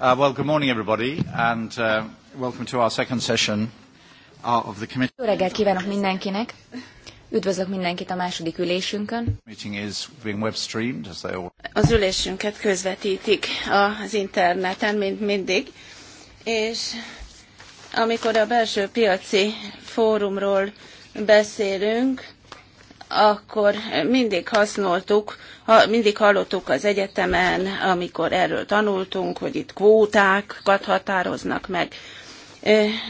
Uh, well, good morning, everybody, and uh, welcome to our second session uh, of the committee. Jó reggelt kívánok mindenkinek! Üdvözlök mindenkit a második ülésünkön. Az ülésünket közvetítik az interneten, mint mindig, és amikor a belső piaci fórumról beszélünk, akkor mindig hasznoltuk, ha, mindig hallottuk az egyetemen, amikor erről tanultunk, hogy itt kvótákat határoznak meg.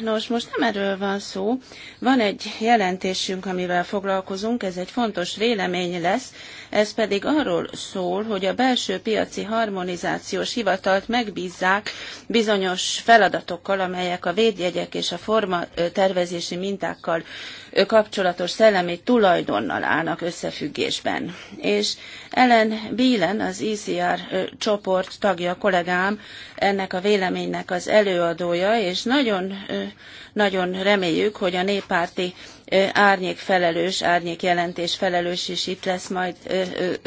Nos, most nem erről van szó. Van egy jelentésünk, amivel foglalkozunk, ez egy fontos vélemény lesz, ez pedig arról szól, hogy a belső piaci harmonizációs hivatalt megbízzák bizonyos feladatokkal, amelyek a védjegyek és a forma tervezési mintákkal kapcsolatos szellemi tulajdonnal állnak összefüggésben. És Ellen Bílen, az ICR e csoport tagja, kollégám, ennek a véleménynek az előadója, és nagyon, nagyon reméljük, hogy a néppárti árnyék felelős, árnyék jelentés felelős is itt lesz majd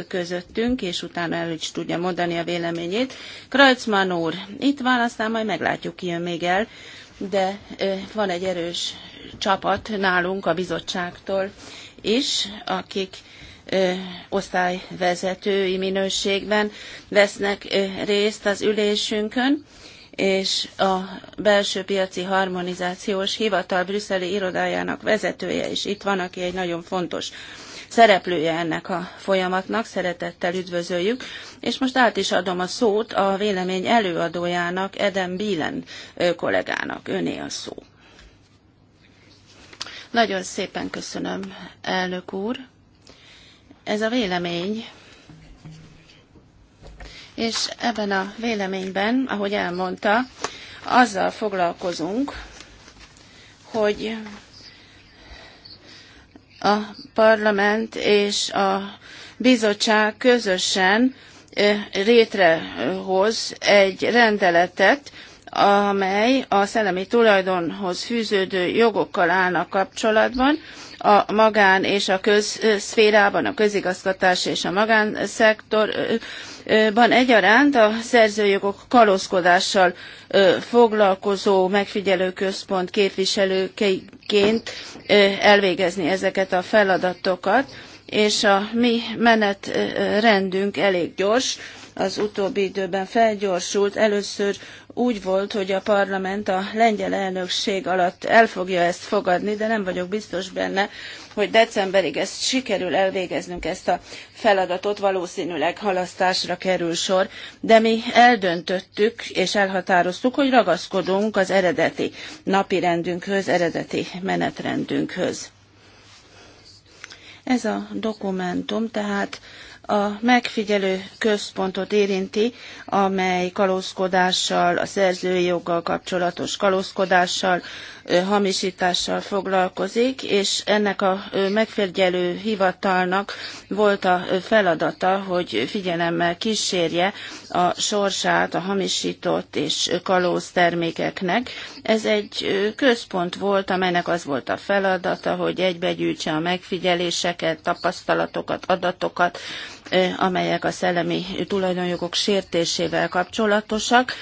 közöttünk, és utána el is tudja mondani a véleményét. Krajcman úr, itt van, aztán majd meglátjuk, ki jön még el de van egy erős csapat nálunk a bizottságtól is, akik osztályvezetői minőségben vesznek részt az ülésünkön, és a belső piaci harmonizációs hivatal brüsszeli irodájának vezetője is itt van, aki egy nagyon fontos szereplője ennek a folyamatnak, szeretettel üdvözöljük, és most át is adom a szót a vélemény előadójának, Eden Bílen kollégának. Öné a szó. Nagyon szépen köszönöm, elnök úr. Ez a vélemény, és ebben a véleményben, ahogy elmondta, azzal foglalkozunk, hogy a parlament és a bizottság közösen létrehoz egy rendeletet, amely a szellemi tulajdonhoz fűződő jogokkal állnak kapcsolatban, a magán és a közszférában, a közigazgatás és a magánszektorban egyaránt a szerzőjogok kalózkodással foglalkozó megfigyelőközpont képviselőként elvégezni ezeket a feladatokat, és a mi menetrendünk elég gyors, az utóbbi időben felgyorsult. Először úgy volt, hogy a parlament a lengyel elnökség alatt el fogja ezt fogadni, de nem vagyok biztos benne, hogy decemberig ezt sikerül elvégeznünk ezt a feladatot, valószínűleg halasztásra kerül sor, de mi eldöntöttük és elhatároztuk, hogy ragaszkodunk az eredeti napirendünkhöz, eredeti menetrendünkhöz. Ez a dokumentum tehát a megfigyelő központot érinti, amely kalózkodással, a szerzői joggal kapcsolatos kalózkodással, hamisítással foglalkozik, és ennek a megfigyelő hivatalnak volt a feladata, hogy figyelemmel kísérje a sorsát a hamisított és kalóz termékeknek. Ez egy központ volt, amelynek az volt a feladata, hogy egybegyűjtse a megfigyeléseket, tapasztalatokat, adatokat, amelyek a szellemi tulajdonjogok sértésével kapcsolatosak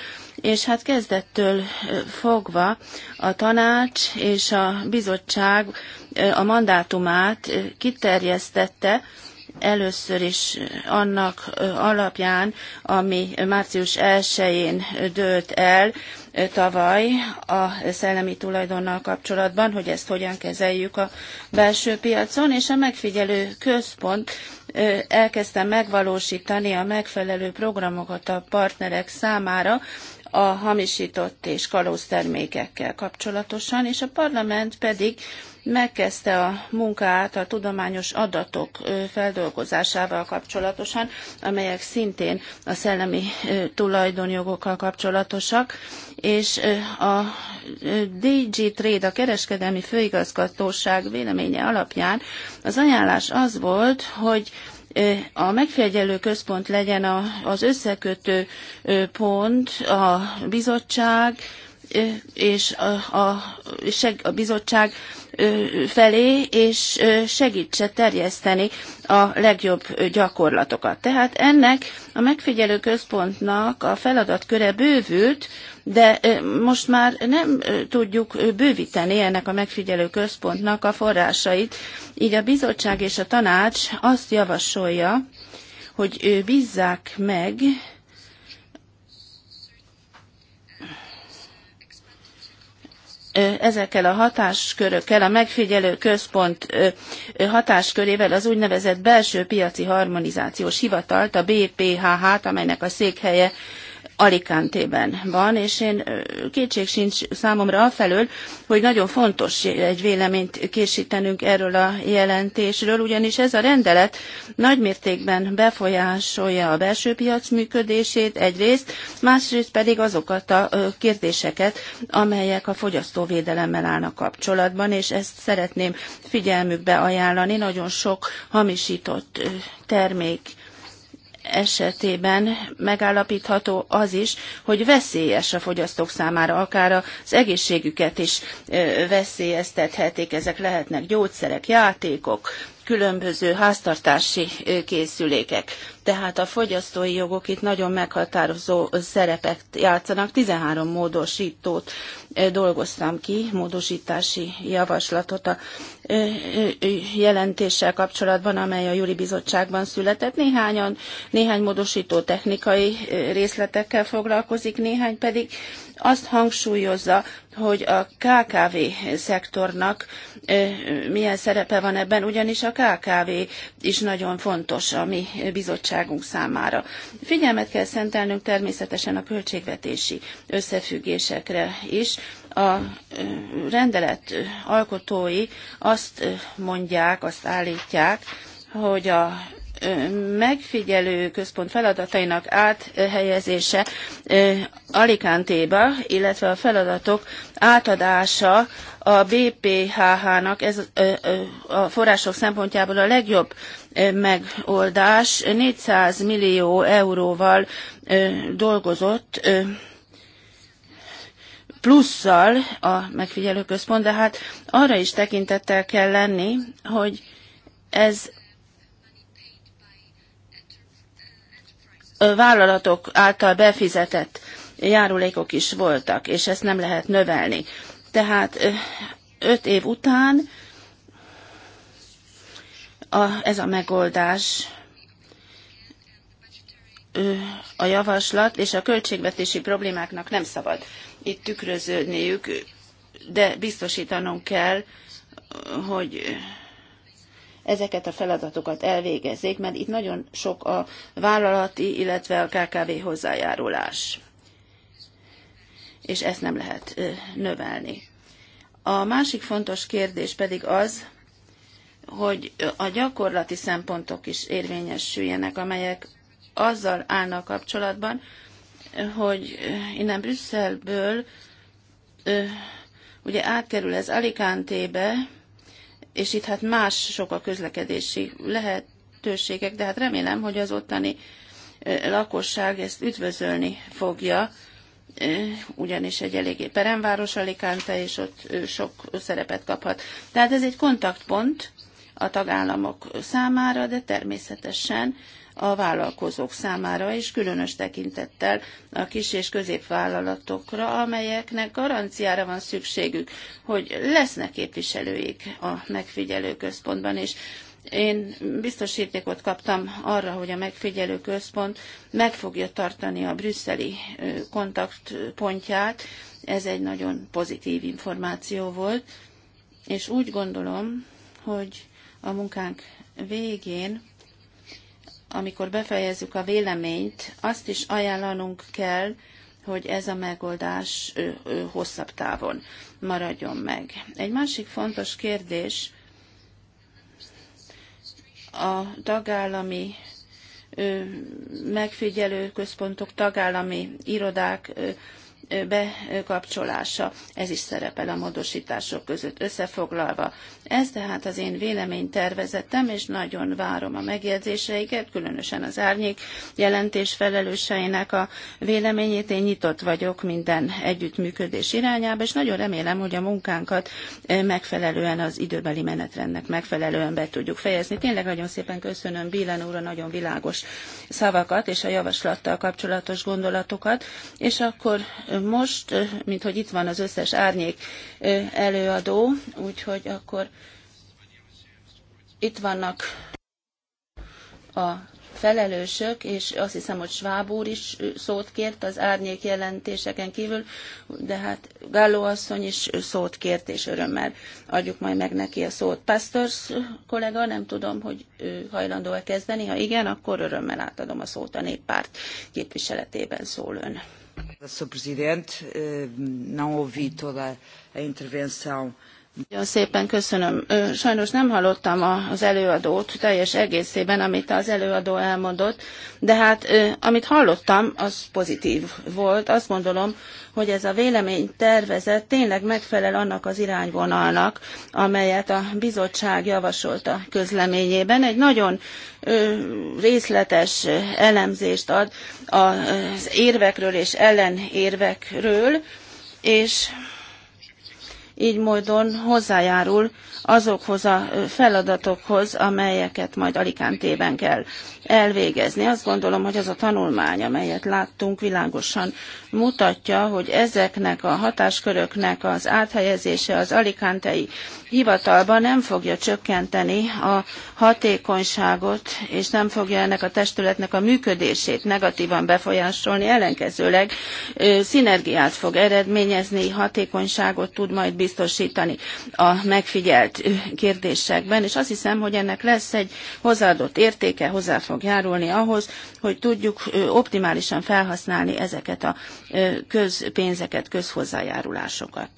és hát kezdettől fogva a tanács és a bizottság a mandátumát kiterjesztette, először is annak alapján, ami március 1-én dőlt el tavaly a szellemi tulajdonnal kapcsolatban, hogy ezt hogyan kezeljük a belső piacon, és a megfigyelő központ elkezdte megvalósítani a megfelelő programokat a partnerek számára, a hamisított és kalóz termékekkel kapcsolatosan, és a parlament pedig megkezdte a munkát a tudományos adatok feldolgozásával kapcsolatosan, amelyek szintén a szellemi tulajdonjogokkal kapcsolatosak, és a DG Trade, a kereskedelmi főigazgatóság véleménye alapján az ajánlás az volt, hogy Eh, a megfigyelő központ legyen az összekötő eh, pont, a bizottság eh, és a, a, a bizottság felé, és segítse terjeszteni a legjobb gyakorlatokat. Tehát ennek a megfigyelő központnak a feladatköre bővült, de most már nem tudjuk bővíteni ennek a megfigyelő központnak a forrásait, így a bizottság és a tanács azt javasolja, hogy bízzák meg ezekkel a hatáskörökkel, a megfigyelő központ hatáskörével az úgynevezett belső piaci harmonizációs hivatalt, a BPHH-t, amelynek a székhelye Alicante-ben van, és én kétség sincs számomra afelől, hogy nagyon fontos egy véleményt készítenünk erről a jelentésről, ugyanis ez a rendelet nagymértékben befolyásolja a belső piac működését egyrészt, másrészt pedig azokat a kérdéseket, amelyek a fogyasztóvédelemmel állnak kapcsolatban, és ezt szeretném figyelmükbe ajánlani. Nagyon sok hamisított termék esetében megállapítható az is, hogy veszélyes a fogyasztók számára, akár az egészségüket is veszélyeztethetik. Ezek lehetnek gyógyszerek, játékok, különböző háztartási készülékek. Tehát a fogyasztói jogok itt nagyon meghatározó szerepet játszanak. 13 módosítót dolgoztam ki, módosítási javaslatot a jelentéssel kapcsolatban, amely a Júri Bizottságban született. Néhányan, néhány módosító technikai részletekkel foglalkozik, néhány pedig azt hangsúlyozza, hogy a KKV szektornak milyen szerepe van ebben, ugyanis a KKV is nagyon fontos a mi bizottság bizottságunk számára. Figyelmet kell szentelnünk természetesen a költségvetési összefüggésekre is. A rendelet alkotói azt mondják, azt állítják, hogy a megfigyelő központ feladatainak áthelyezése Alicante-ba, illetve a feladatok átadása a BPHH-nak ez a források szempontjából a legjobb megoldás. 400 millió euróval dolgozott plusszal a megfigyelőközpont, de hát arra is tekintettel kell lenni, hogy ez vállalatok által befizetett járulékok is voltak, és ezt nem lehet növelni. Tehát öt év után a, ez a megoldás a javaslat, és a költségvetési problémáknak nem szabad itt tükröződniük, de biztosítanunk kell, hogy ezeket a feladatokat elvégezzék, mert itt nagyon sok a vállalati, illetve a KKV hozzájárulás. És ezt nem lehet növelni. A másik fontos kérdés pedig az, hogy a gyakorlati szempontok is érvényesüljenek, amelyek azzal állnak kapcsolatban, hogy innen Brüsszelből ugye átkerül ez Alicante-be, és itt hát más sok a közlekedési lehetőségek, de hát remélem, hogy az ottani lakosság ezt üdvözölni fogja, ugyanis egy eléggé peremváros alikánta és ott sok szerepet kaphat. Tehát ez egy kontaktpont a tagállamok számára, de természetesen a vállalkozók számára, és különös tekintettel a kis és középvállalatokra, amelyeknek garanciára van szükségük, hogy lesznek képviselőik a megfigyelő központban, és én biztosítékot kaptam arra, hogy a megfigyelő központ meg fogja tartani a brüsszeli kontaktpontját. Ez egy nagyon pozitív információ volt, és úgy gondolom, hogy a munkánk végén amikor befejezzük a véleményt, azt is ajánlanunk kell, hogy ez a megoldás ő, hosszabb távon maradjon meg. Egy másik fontos kérdés a tagállami ő, megfigyelő központok, tagállami irodák bekapcsolása, ez is szerepel a módosítások között összefoglalva. Ez tehát az én véleménytervezetem, és nagyon várom a megjegyzéseiket, különösen az árnyék jelentés felelőseinek a véleményét. Én nyitott vagyok minden együttműködés irányába, és nagyon remélem, hogy a munkánkat eh, megfelelően az időbeli menetrendnek megfelelően be tudjuk fejezni. Tényleg nagyon szépen köszönöm Bílen úr a nagyon világos szavakat és a javaslattal kapcsolatos gondolatokat, és akkor eh, most, mint hogy itt van az összes árnyék előadó, úgyhogy akkor itt vannak a felelősök, és azt hiszem, hogy Schwab úr is szót kért az árnyék jelentéseken kívül, de hát Gallo asszony is szót kért, és örömmel adjuk majd meg neki a szót. Pastors kollega, nem tudom, hogy hajlandó-e kezdeni, ha igen, akkor örömmel átadom a szót a néppárt képviseletében szól ön. Sr. Presidente, eh, não ouvi toda a intervenção nagyon szépen köszönöm. Sajnos nem hallottam az előadót teljes egészében, amit az előadó elmondott, de hát amit hallottam, az pozitív volt. Azt gondolom, hogy ez a vélemény tervezet tényleg megfelel annak az irányvonalnak, amelyet a bizottság javasolt a közleményében. Egy nagyon részletes elemzést ad az érvekről és ellenérvekről, és így módon hozzájárul azokhoz a feladatokhoz, amelyeket majd Alicantében kell elvégezni. Azt gondolom, hogy az a tanulmány, amelyet láttunk, világosan mutatja, hogy ezeknek a hatásköröknek az áthelyezése az alikántei hivatalban nem fogja csökkenteni a hatékonyságot, és nem fogja ennek a testületnek a működését negatívan befolyásolni, ellenkezőleg szinergiát fog eredményezni, hatékonyságot tud majd biztosítani biztosítani a megfigyelt kérdésekben, és azt hiszem, hogy ennek lesz egy hozzáadott értéke, hozzá fog járulni ahhoz, hogy tudjuk optimálisan felhasználni ezeket a közpénzeket, közhozzájárulásokat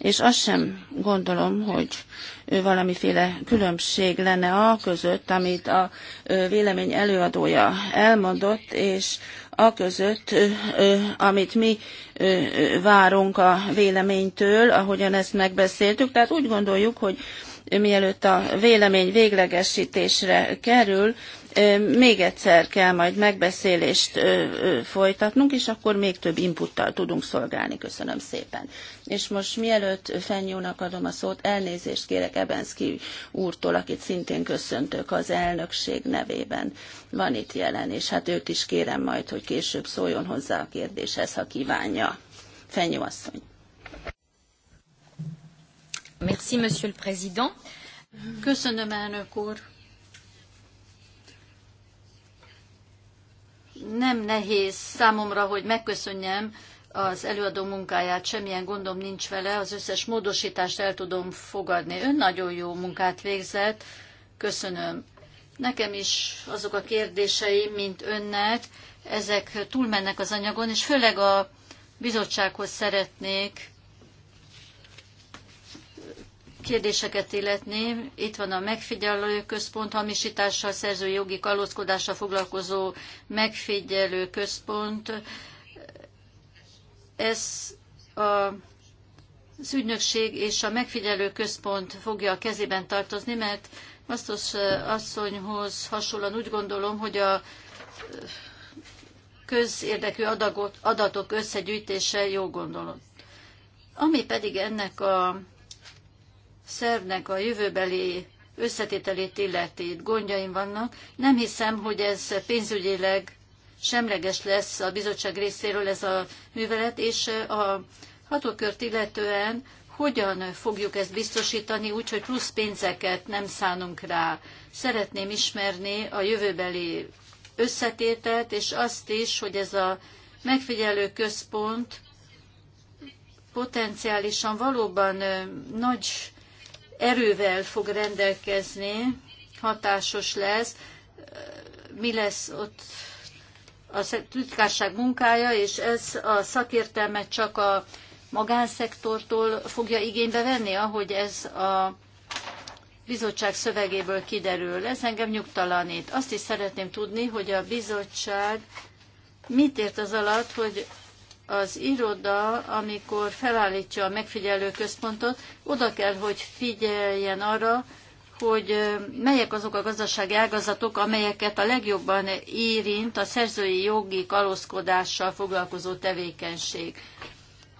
és azt sem gondolom, hogy valamiféle különbség lenne a között, amit a vélemény előadója elmondott, és a között, amit mi várunk a véleménytől, ahogyan ezt megbeszéltük. Tehát úgy gondoljuk, hogy mielőtt a vélemény véglegesítésre kerül, még egyszer kell majd megbeszélést folytatnunk, és akkor még több inputtal tudunk szolgálni. Köszönöm szépen. És most mielőtt Fenyónak adom a szót, elnézést kérek Ebenszki úrtól, akit szintén köszöntök az elnökség nevében. Van itt jelen, és hát őt is kérem majd, hogy később szóljon hozzá a kérdéshez, ha kívánja. Fenyó asszony. Merci, Monsieur le Président. Köszönöm, elnök úr. Nem nehéz számomra, hogy megköszönjem az előadó munkáját, semmilyen gondom nincs vele, az összes módosítást el tudom fogadni. Ön nagyon jó munkát végzett, köszönöm. Nekem is azok a kérdéseim, mint önnek, ezek túlmennek az anyagon, és főleg a bizottsághoz szeretnék kérdéseket illetném. Itt van a megfigyelő központ, hamisítással, szerzői jogi kalózkodással foglalkozó megfigyelő központ. Ez a, az ügynökség és a megfigyelő központ fogja a kezében tartozni, mert Masztos eh, asszonyhoz hasonlóan úgy gondolom, hogy a eh, közérdekű adagot, adatok összegyűjtése jó gondolat. Ami pedig ennek a szervnek a jövőbeli összetételét illeti, gondjaim vannak. Nem hiszem, hogy ez pénzügyileg semleges lesz a bizottság részéről ez a művelet, és a hatókört illetően hogyan fogjuk ezt biztosítani, úgyhogy plusz pénzeket nem szánunk rá. Szeretném ismerni a jövőbeli összetételt, és azt is, hogy ez a megfigyelő központ potenciálisan valóban nagy erővel fog rendelkezni, hatásos lesz, mi lesz ott a titkárság munkája, és ez a szakértelmet csak a magánszektortól fogja igénybe venni, ahogy ez a bizottság szövegéből kiderül. Ez engem nyugtalanít. Azt is szeretném tudni, hogy a bizottság mit ért az alatt, hogy az iroda, amikor felállítja a megfigyelő központot, oda kell, hogy figyeljen arra, hogy melyek azok a gazdasági ágazatok, amelyeket a legjobban érint a szerzői jogi kalózkodással foglalkozó tevékenység.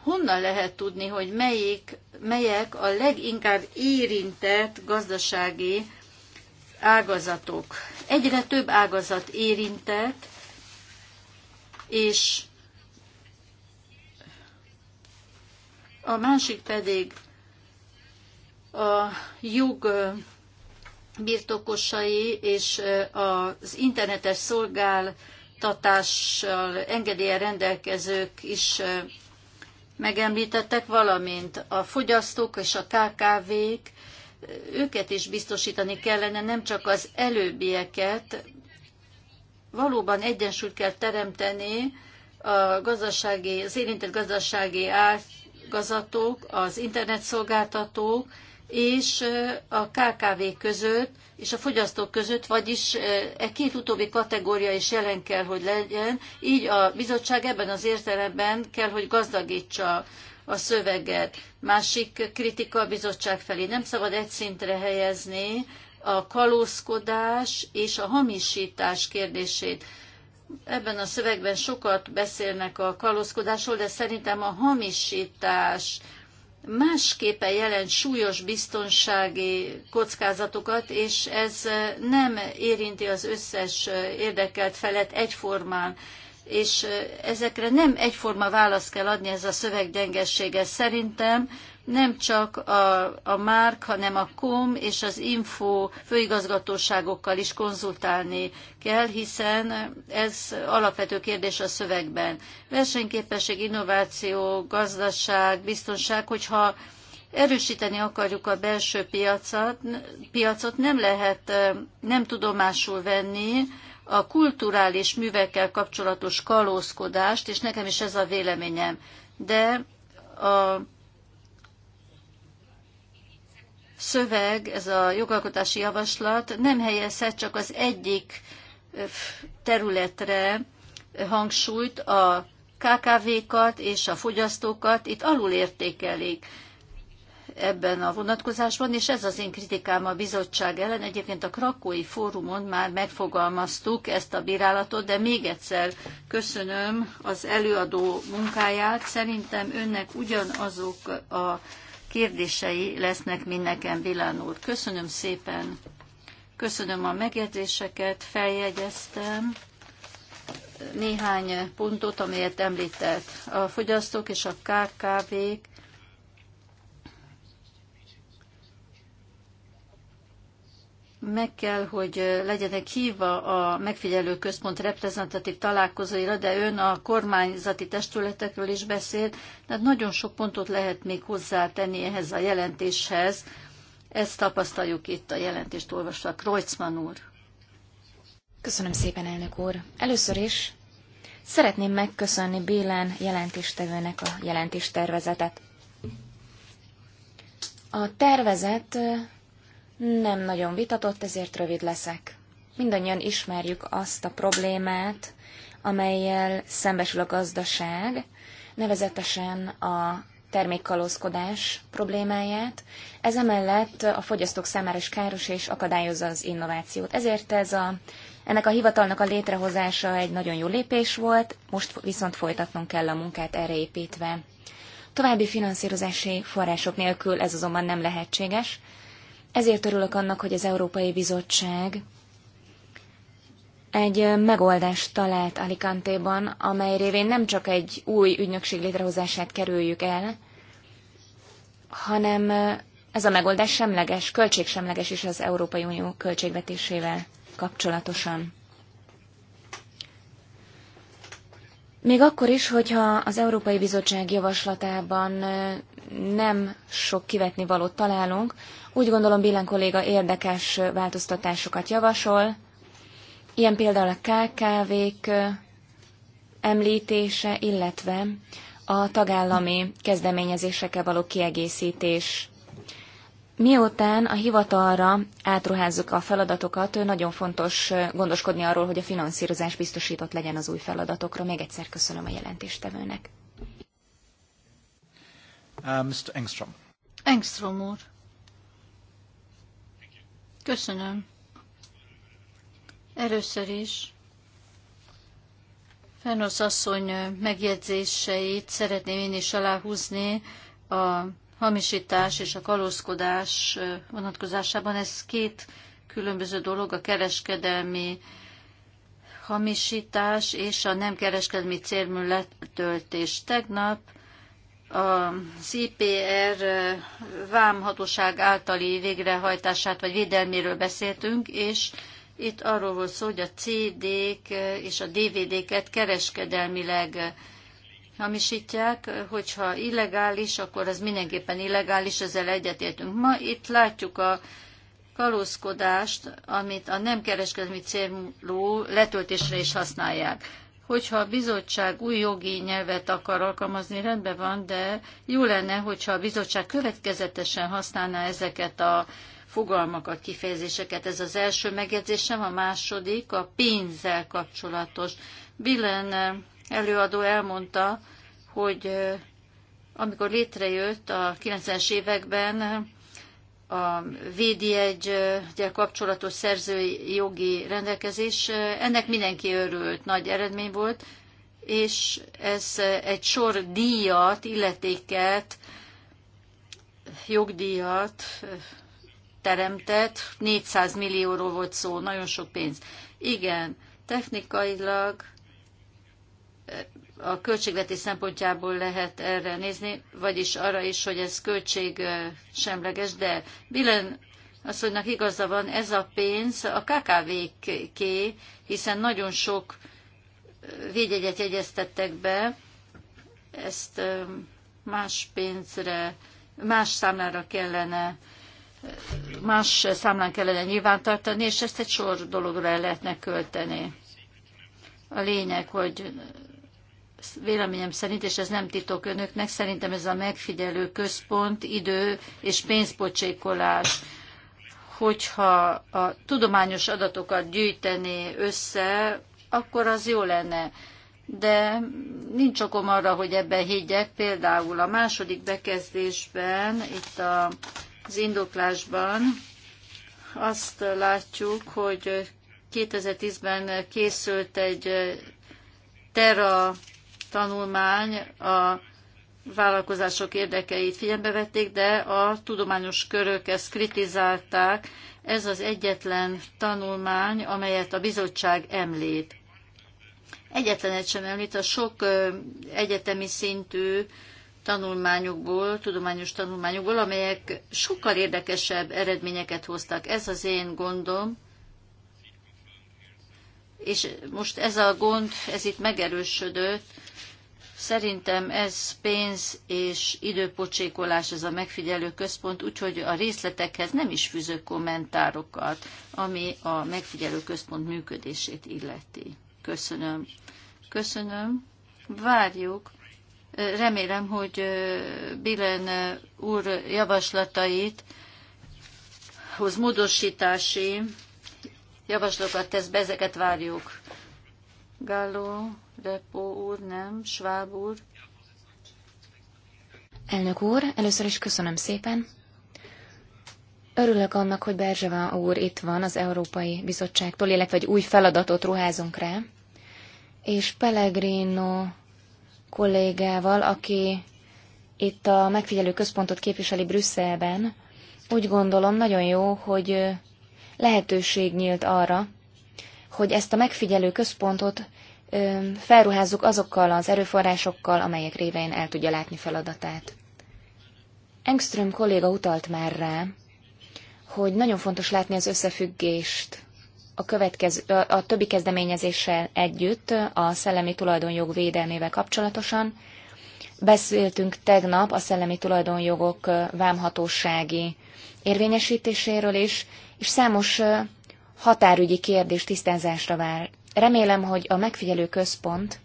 Honnan lehet tudni, hogy melyik, melyek a leginkább érintett gazdasági ágazatok? Egyre több ágazat érintett, és a másik pedig a jog birtokosai és az internetes szolgáltatással engedélye rendelkezők is megemlítettek, valamint a fogyasztók és a KKV-k, őket is biztosítani kellene, nem csak az előbbieket. Valóban egyensúlyt kell teremteni a gazdasági, az érintett gazdasági ágazatok, az internetszolgáltatók és a KKV között és a fogyasztók között, vagyis e két utóbbi kategória is jelen kell, hogy legyen. Így a bizottság ebben az értelemben kell, hogy gazdagítsa a szöveget. Másik kritika a bizottság felé. Nem szabad egy szintre helyezni a kalózkodás és a hamisítás kérdését. Ebben a szövegben sokat beszélnek a kalózkodásról, de szerintem a hamisítás másképpen jelent súlyos biztonsági kockázatokat, és ez nem érinti az összes érdekelt felet egyformán és ezekre nem egyforma választ kell adni, ez a szöveg gyengessége. Szerintem nem csak a, a MÁRK, hanem a KOM és az INFO főigazgatóságokkal is konzultálni kell, hiszen ez alapvető kérdés a szövegben. Versenyképesség, innováció, gazdaság, biztonság, hogyha erősíteni akarjuk a belső piacot, piacot nem lehet nem tudomásul venni, a kulturális művekkel kapcsolatos kalózkodást, és nekem is ez a véleményem. De a szöveg, ez a jogalkotási javaslat nem helyezhet csak az egyik területre hangsúlyt, a KKV-kat és a fogyasztókat itt alulértékelik ebben a vonatkozásban, és ez az én kritikám a bizottság ellen. Egyébként a Krakói Fórumon már megfogalmaztuk ezt a bírálatot, de még egyszer köszönöm az előadó munkáját. Szerintem önnek ugyanazok a kérdései lesznek mindenken Vilán úr. Köszönöm szépen. Köszönöm a megjegyzéseket, feljegyeztem néhány pontot, amelyet említett. A fogyasztók és a KKV-k meg kell, hogy legyenek hívva a megfigyelő központ reprezentatív találkozóira, de ön a kormányzati testületekről is beszélt, tehát nagyon sok pontot lehet még hozzátenni ehhez a jelentéshez. Ezt tapasztaljuk itt a jelentést olvasva. Kreutzmann úr. Köszönöm szépen, elnök úr. Először is szeretném megköszönni Bélán jelentéstevőnek a jelentéstervezetet. A tervezet nem nagyon vitatott, ezért rövid leszek. Mindannyian ismerjük azt a problémát, amelyel szembesül a gazdaság, nevezetesen a termékkalózkodás problémáját. Ez emellett a fogyasztók számára is káros és akadályozza az innovációt. Ezért ez a, ennek a hivatalnak a létrehozása egy nagyon jó lépés volt, most viszont folytatnunk kell a munkát erre építve. További finanszírozási források nélkül ez azonban nem lehetséges, ezért örülök annak, hogy az Európai Bizottság egy megoldást talált Alicante-ban, amely révén nem csak egy új ügynökség létrehozását kerüljük el, hanem ez a megoldás semleges, költségsemleges is az Európai Unió költségvetésével kapcsolatosan. Még akkor is, hogyha az Európai Bizottság javaslatában nem sok kivetni valót találunk, úgy gondolom, Billen kolléga érdekes változtatásokat javasol. Ilyen például a KKV-k említése, illetve a tagállami kezdeményezésekkel való kiegészítés. Miután a hivatalra átruházzuk a feladatokat, nagyon fontos gondoskodni arról, hogy a finanszírozás biztosított legyen az új feladatokra. Még egyszer köszönöm a jelentéstevőnek. Uh, Mr. Engström. Engström úr. Köszönöm. Először is Fenosz asszony megjegyzéseit szeretném én is aláhúzni a hamisítás és a kalózkodás vonatkozásában. Ez két különböző dolog, a kereskedelmi hamisítás és a nem kereskedelmi célmű letöltés. Tegnap a CPR vámhatóság általi végrehajtását vagy védelméről beszéltünk, és itt arról volt szó, hogy a CD-k és a DVD-ket kereskedelmileg hamisítják, hogyha illegális, akkor az mindenképpen illegális, ezzel egyetértünk. Ma itt látjuk a kalózkodást, amit a nem kereskedelmi célú letöltésre is használják. Hogyha a bizottság új jogi nyelvet akar alkalmazni, rendben van, de jó lenne, hogyha a bizottság következetesen használná ezeket a fogalmakat, kifejezéseket. Ez az első megjegyzésem, a második a pénzzel kapcsolatos. Billen eh, előadó elmondta, hogy eh, amikor létrejött a 90-es években, a egy kapcsolatos szerzői jogi rendelkezés. Ennek mindenki örült, nagy eredmény volt, és ez egy sor díjat, illetéket, jogdíjat teremtett, 400 millióról volt szó, nagyon sok pénz. Igen, technikailag a költségvetés szempontjából lehet erre nézni, vagyis arra is, hogy ez költség semleges, de Billen asszonynak igaza van, ez a pénz a KKV-ké, hiszen nagyon sok védjegyet jegyeztettek be, ezt más pénzre, más számlára kellene, más számlán kellene nyilvántartani, és ezt egy sor dologra el lehetne költeni. A lényeg, hogy véleményem szerint, és ez nem titok önöknek, szerintem ez a megfigyelő központ idő és pénzpocsékolás hogyha a tudományos adatokat gyűjteni össze, akkor az jó lenne. De nincs okom arra, hogy ebben higgyek. Például a második bekezdésben, itt a, az indoklásban azt látjuk, hogy 2010-ben készült egy Terra tanulmány a vállalkozások érdekeit figyelembe vették, de a tudományos körök ezt kritizálták. Ez az egyetlen tanulmány, amelyet a bizottság említ. Egyetlen egy sem említ, a sok egyetemi szintű tanulmányokból, tudományos tanulmányokból, amelyek sokkal érdekesebb eredményeket hoztak. Ez az én gondom. És most ez a gond, ez itt megerősödött, Szerintem ez pénz és időpocsékolás, ez a megfigyelő központ, úgyhogy a részletekhez nem is fűzök kommentárokat, ami a megfigyelő központ működését illeti. Köszönöm. Köszönöm. Várjuk. Remélem, hogy Bilen úr javaslatait hoz módosítási javaslatokat tesz be, ezeket várjuk. Gálló Depó úr, nem, Schwab úr. Elnök úr, először is köszönöm szépen. Örülök annak, hogy Berzseva úr itt van az Európai Bizottságtól, illetve egy új feladatot ruházunk rá. És Pellegrino kollégával, aki itt a megfigyelő központot képviseli Brüsszelben, úgy gondolom nagyon jó, hogy lehetőség nyílt arra, hogy ezt a megfigyelő központot felruházzuk azokkal az erőforrásokkal, amelyek révén el tudja látni feladatát. Engström kolléga utalt már rá, hogy nagyon fontos látni az összefüggést a, következő, a többi kezdeményezéssel együtt a szellemi tulajdonjog védelmével kapcsolatosan. Beszéltünk tegnap a szellemi tulajdonjogok vámhatósági érvényesítéséről is, és számos határügyi kérdés tisztázásra vált Remélem, hogy a megfigyelő központ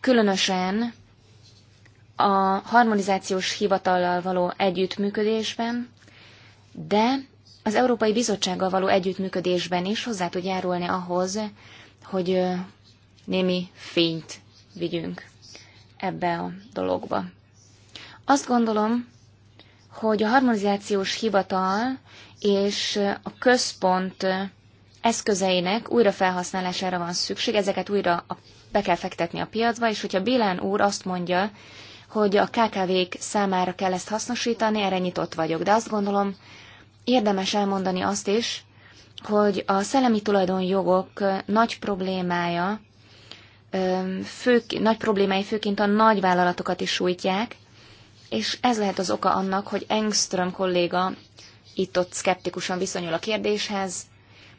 különösen a harmonizációs hivatallal való együttműködésben, de az Európai Bizottsággal való együttműködésben is hozzá tud járulni ahhoz, hogy némi fényt vigyünk ebbe a dologba. Azt gondolom, hogy a harmonizációs hivatal és a központ eszközeinek újrafelhasználására van szükség, ezeket újra be kell fektetni a piacba, és hogyha Bélán úr azt mondja, hogy a KKV-k számára kell ezt hasznosítani, erre nyitott vagyok. De azt gondolom, érdemes elmondani azt is, hogy a szellemi tulajdonjogok nagy problémája, fő, nagy problémái főként a nagyvállalatokat is sújtják, és ez lehet az oka annak, hogy Engström kolléga itt-ott szkeptikusan viszonyul a kérdéshez,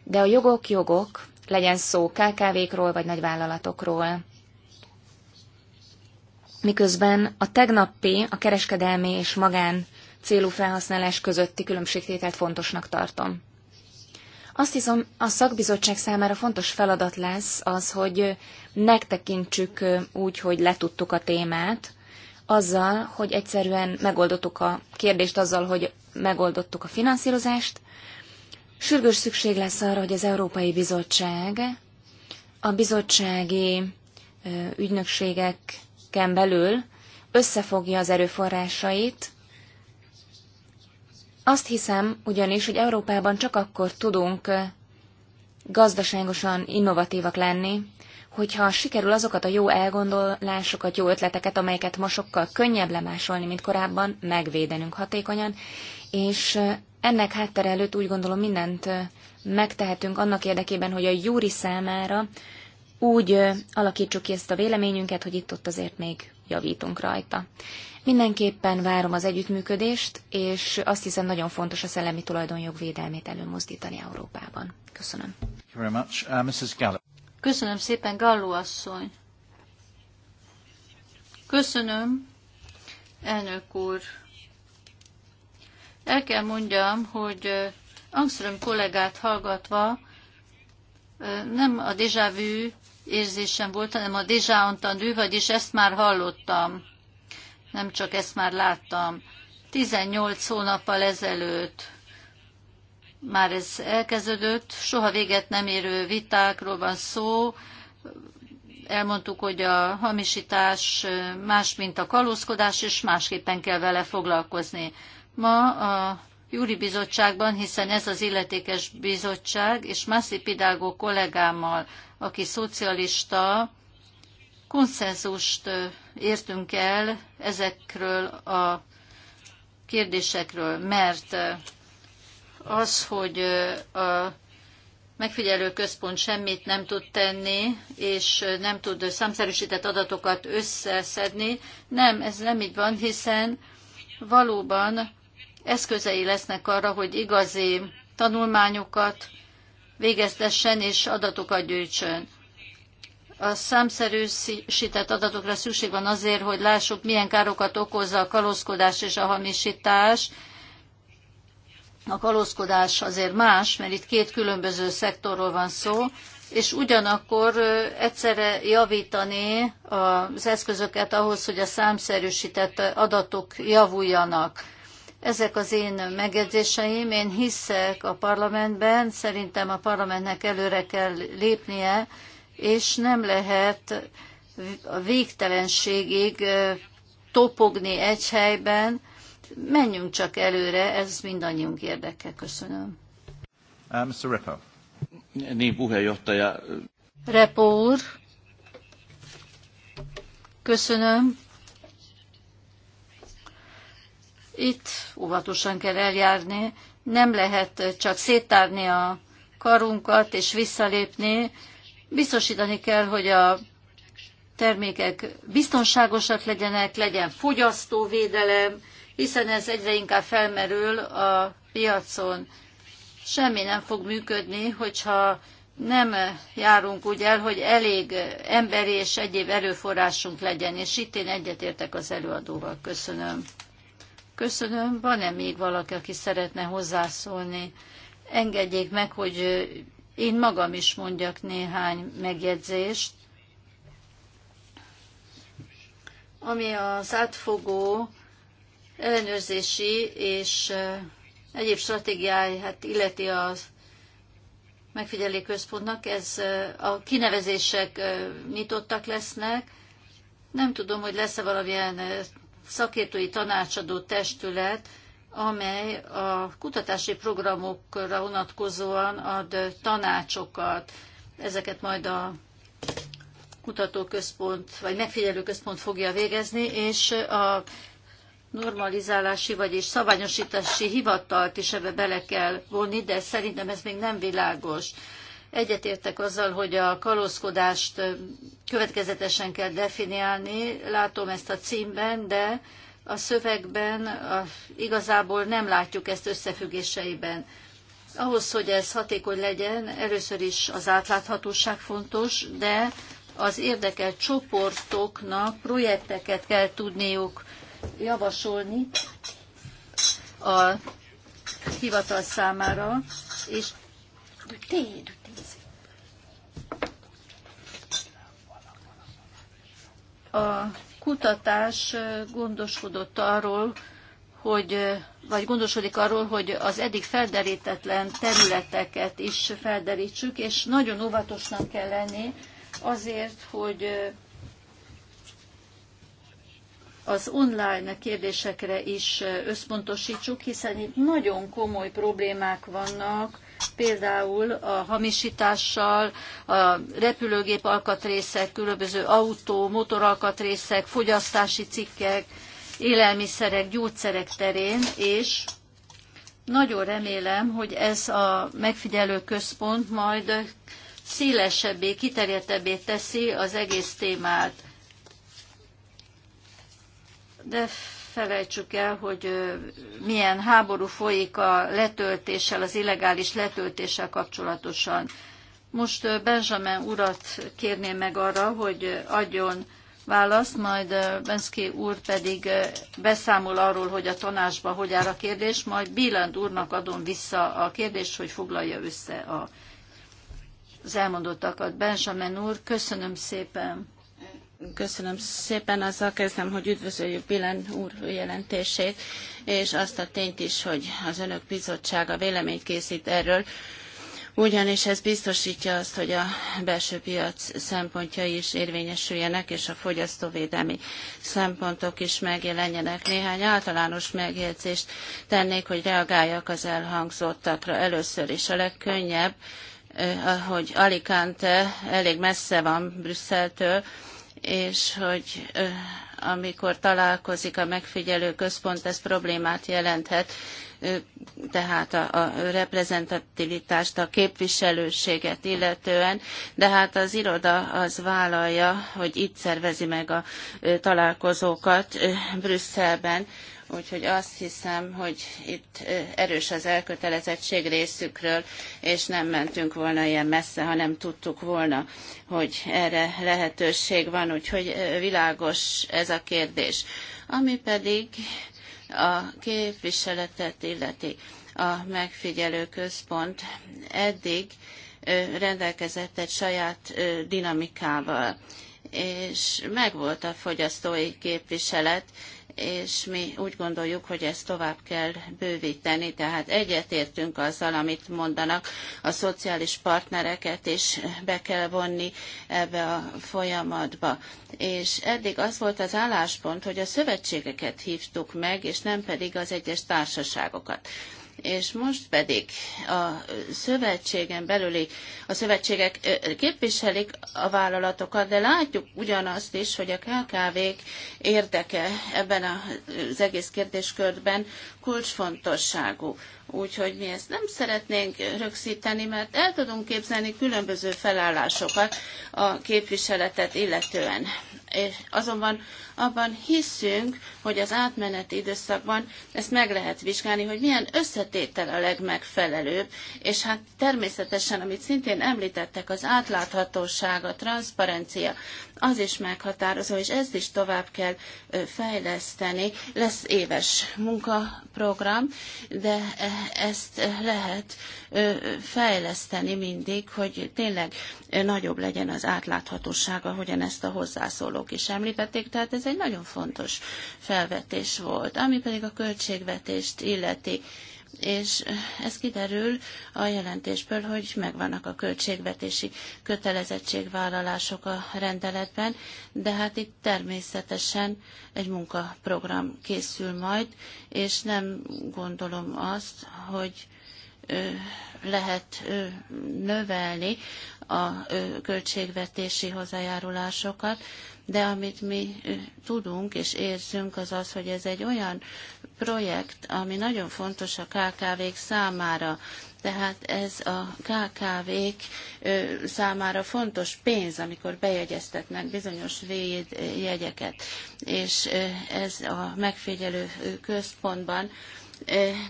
de a jogok jogok, legyen szó KKV-król vagy nagyvállalatokról. Miközben a tegnapi, a kereskedelmi és magán célú felhasználás közötti különbségtételt fontosnak tartom. Azt hiszem, a szakbizottság számára fontos feladat lesz az, hogy megtekintsük úgy, hogy letudtuk a témát, azzal, hogy egyszerűen megoldottuk a kérdést azzal, hogy megoldottuk a finanszírozást, Sürgős szükség lesz arra, hogy az Európai Bizottság a bizottsági ügynökségeken belül összefogja az erőforrásait. Azt hiszem ugyanis, hogy Európában csak akkor tudunk gazdaságosan innovatívak lenni, hogyha sikerül azokat a jó elgondolásokat, jó ötleteket, amelyeket ma sokkal könnyebb lemásolni, mint korábban, megvédenünk hatékonyan, és ennek háttere előtt úgy gondolom mindent megtehetünk annak érdekében, hogy a júri számára úgy alakítsuk ki ezt a véleményünket, hogy itt-ott azért még javítunk rajta. Mindenképpen várom az együttműködést, és azt hiszem nagyon fontos a szellemi tulajdonjog védelmét előmozdítani Európában. Köszönöm. Uh, Köszönöm szépen, Galló asszony. Köszönöm, elnök úr. El kell mondjam, hogy Angström kollégát hallgatva nem a déjà vu érzésem volt, hanem a déjà entendu, vagyis ezt már hallottam. Nem csak ezt már láttam. 18 hónappal ezelőtt már ez elkezdődött, soha véget nem érő vitákról van szó, elmondtuk, hogy a hamisítás más, mint a kalózkodás, és másképpen kell vele foglalkozni. Ma a Júri Bizottságban, hiszen ez az illetékes bizottság, és Mászi Pidágó kollégámmal, aki szocialista, konszenzust értünk el ezekről a kérdésekről, mert az, hogy a megfigyelő központ semmit nem tud tenni, és nem tud számszerűsített adatokat összeszedni, nem, ez nem így van, hiszen valóban eszközei lesznek arra, hogy igazi tanulmányokat végeztessen és adatokat gyűjtsön. A számszerűsített adatokra szükség van azért, hogy lássuk, milyen károkat okozza a kalózkodás és a hamisítás. A kalózkodás azért más, mert itt két különböző szektorról van szó, és ugyanakkor egyszerre javítani az eszközöket ahhoz, hogy a számszerűsített adatok javuljanak ezek az én megjegyzéseim, én hiszek a parlamentben, szerintem a parlamentnek előre kell lépnie, és nem lehet a végtelenségig topogni egy helyben, menjünk csak előre, ez mindannyiunk érdeke. Köszönöm. Uh, Mr. Repo. Repo úr. Köszönöm. Itt óvatosan kell eljárni, nem lehet csak széttárni a karunkat és visszalépni. Biztosítani kell, hogy a termékek biztonságosak legyenek, legyen fogyasztóvédelem, hiszen ez egyre inkább felmerül a piacon. Semmi nem fog működni, hogyha nem járunk úgy el, hogy elég emberi és egyéb erőforrásunk legyen, és itt én egyetértek az előadóval. Köszönöm. Köszönöm. Van-e még valaki, aki szeretne hozzászólni? Engedjék meg, hogy én magam is mondjak néhány megjegyzést. Ami az átfogó ellenőrzési és egyéb stratégiáját illeti a megfigyelő központnak, ez a kinevezések nyitottak lesznek. Nem tudom, hogy lesz-e valamilyen szakértői tanácsadó testület, amely a kutatási programokra vonatkozóan ad tanácsokat. Ezeket majd a kutatóközpont vagy megfigyelőközpont fogja végezni, és a normalizálási, vagyis szabályosítási hivatalt is ebbe bele kell vonni, de szerintem ez még nem világos. Egyetértek azzal, hogy a kalózkodást következetesen kell definiálni, látom ezt a címben, de a szövegben a, igazából nem látjuk ezt összefüggéseiben. Ahhoz, hogy ez hatékony legyen, először is az átláthatóság fontos, de az érdekelt csoportoknak projekteket kell tudniuk javasolni a hivatal számára, és a kutatás gondoskodott arról, hogy, vagy gondoskodik arról, hogy az eddig felderítetlen területeket is felderítsük, és nagyon óvatosnak kell lenni azért, hogy az online kérdésekre is összpontosítsuk, hiszen itt nagyon komoly problémák vannak, például a hamisítással, a repülőgép alkatrészek, különböző autó, motoralkatrészek, fogyasztási cikkek, élelmiszerek, gyógyszerek terén, és nagyon remélem, hogy ez a megfigyelő központ majd szélesebbé, kiterjedtebbé teszi az egész témát. De felejtsük el, hogy milyen háború folyik a letöltéssel, az illegális letöltéssel kapcsolatosan. Most Benjamin urat kérném meg arra, hogy adjon választ, majd Benszki úr pedig beszámol arról, hogy a tanácsba hogy áll a kérdés, majd Biland úrnak adom vissza a kérdést, hogy foglalja össze a, az elmondottakat. Benjamin úr, köszönöm szépen! Köszönöm szépen, azzal kezdem, hogy üdvözöljük Bilen úr jelentését, és azt a tényt is, hogy az önök bizottsága véleményt készít erről, ugyanis ez biztosítja azt, hogy a belső piac szempontjai is érvényesüljenek, és a fogyasztóvédelmi szempontok is megjelenjenek. Néhány általános megjegyzést tennék, hogy reagáljak az elhangzottakra először is. A legkönnyebb, eh, hogy Alicante elég messze van Brüsszeltől, és hogy amikor találkozik a megfigyelő központ, ez problémát jelenthet, tehát a, a reprezentativitást, a képviselőséget illetően, de hát az iroda az vállalja, hogy itt szervezi meg a találkozókat Brüsszelben, Úgyhogy azt hiszem, hogy itt erős az elkötelezettség részükről, és nem mentünk volna ilyen messze, hanem tudtuk volna, hogy erre lehetőség van, úgyhogy világos ez a kérdés. Ami pedig a képviseletet illeti a megfigyelő központ eddig rendelkezett egy saját dinamikával, és megvolt a fogyasztói képviselet, és mi úgy gondoljuk, hogy ezt tovább kell bővíteni, tehát egyetértünk azzal, amit mondanak, a szociális partnereket is be kell vonni ebbe a folyamatba. És eddig az volt az álláspont, hogy a szövetségeket hívtuk meg, és nem pedig az egyes társaságokat és most pedig a szövetségen belüli, a szövetségek képviselik a vállalatokat, de látjuk ugyanazt is, hogy a KKV-k érdeke ebben az egész kérdéskörben kulcsfontosságú úgyhogy mi ezt nem szeretnénk rögzíteni, mert el tudunk képzelni különböző felállásokat a képviseletet illetően. És azonban abban hiszünk, hogy az átmeneti időszakban ezt meg lehet vizsgálni, hogy milyen összetétel a legmegfelelőbb, és hát természetesen, amit szintén említettek, az átláthatóság, a transzparencia, az is meghatározó, és ezt is tovább kell fejleszteni. Lesz éves munkaprogram, de ezt lehet fejleszteni mindig, hogy tényleg nagyobb legyen az átláthatósága, hogyan ezt a hozzászólók is említették. Tehát ez egy nagyon fontos felvetés volt. Ami pedig a költségvetést illeti, és ez kiderül a jelentésből, hogy megvannak a költségvetési kötelezettségvállalások a rendeletben, de hát itt természetesen egy munkaprogram készül majd, és nem gondolom azt, hogy lehet növelni a költségvetési hozzájárulásokat, de amit mi tudunk és érzünk, az az, hogy ez egy olyan projekt, ami nagyon fontos a KKV-k számára. Tehát ez a KKV-k számára fontos pénz, amikor bejegyeztetnek bizonyos védjegyeket. És ez a megfigyelő központban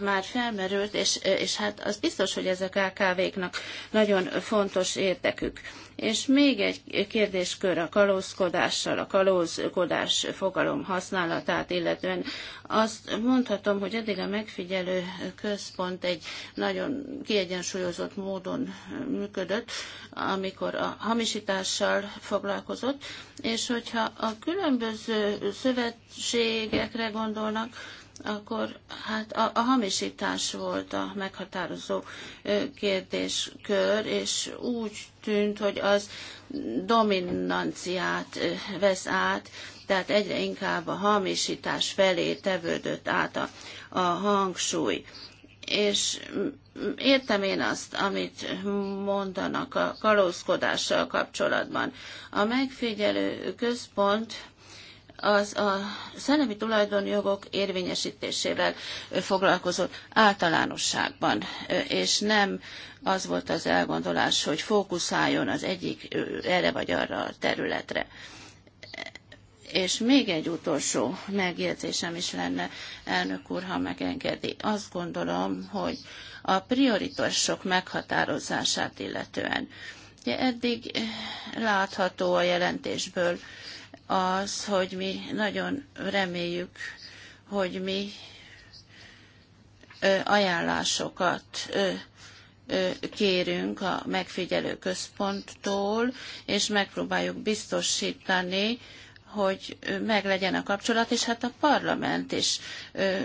már felmerült, és, és hát az biztos, hogy ez a KKV-knak nagyon fontos érdekük. És még egy kérdéskör a kalózkodással, a kalózkodás fogalom használatát, illetően azt mondhatom, hogy eddig a megfigyelő központ egy nagyon kiegyensúlyozott módon működött, amikor a hamisítással foglalkozott, és hogyha a különböző szövetségekre gondolnak, akkor hát a, a hamisítás volt a meghatározó kérdéskör, és úgy tűnt, hogy az dominanciát vesz át, tehát egyre inkább a hamisítás felé tevődött át a, a hangsúly. És mm, értem én azt, amit mondanak a kalózkodással kapcsolatban. A megfigyelő központ az a szellemi tulajdonjogok érvényesítésével foglalkozott általánosságban, és nem az volt az elgondolás, hogy fókuszáljon az egyik erre vagy arra a területre. És még egy utolsó megjegyzésem is lenne, elnök úr, ha megengedi. Azt gondolom, hogy a prioritások meghatározását illetően. Ugye eddig látható a jelentésből, az, hogy mi nagyon reméljük, hogy mi ajánlásokat kérünk a megfigyelő központtól, és megpróbáljuk biztosítani, hogy meglegyen a kapcsolat, és hát a parlament is ö,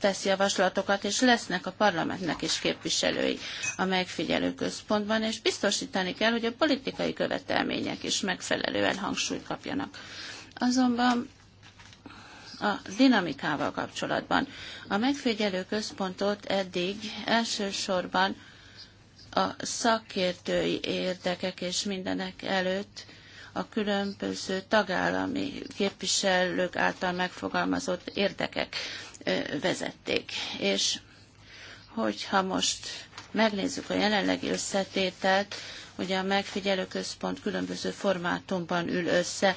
tesz javaslatokat, és lesznek a parlamentnek is képviselői a megfigyelő központban, és biztosítani kell, hogy a politikai követelmények is megfelelően hangsúlyt kapjanak. Azonban a dinamikával kapcsolatban. A megfigyelő központot eddig elsősorban a szakértői érdekek és mindenek előtt a különböző tagállami képviselők által megfogalmazott érdekek vezették. És hogyha most megnézzük a jelenlegi összetételt, Ugye a megfigyelőközpont különböző formátumban ül össze,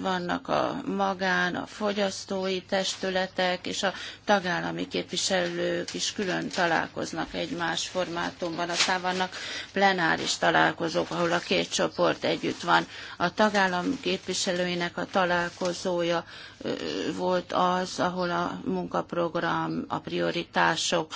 vannak a magán, a fogyasztói testületek, és a tagállami képviselők is külön találkoznak egy formátumban. Aztán vannak plenáris találkozók, ahol a két csoport együtt van. A tagállam képviselőinek a találkozója volt az, ahol a munkaprogram, a prioritások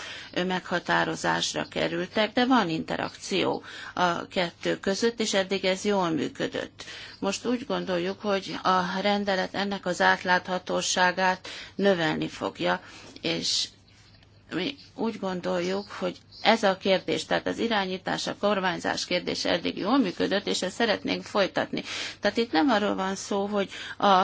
meghatározásra kerültek, de van interakció a kettő között, és eddig ez jól működött. Most úgy gondoljuk, hogy a rendelet ennek az átláthatóságát növelni fogja, és mi úgy gondoljuk, hogy ez a kérdés, tehát az irányítás, a kormányzás kérdése eddig jól működött, és ezt szeretnénk folytatni. Tehát itt nem arról van szó, hogy a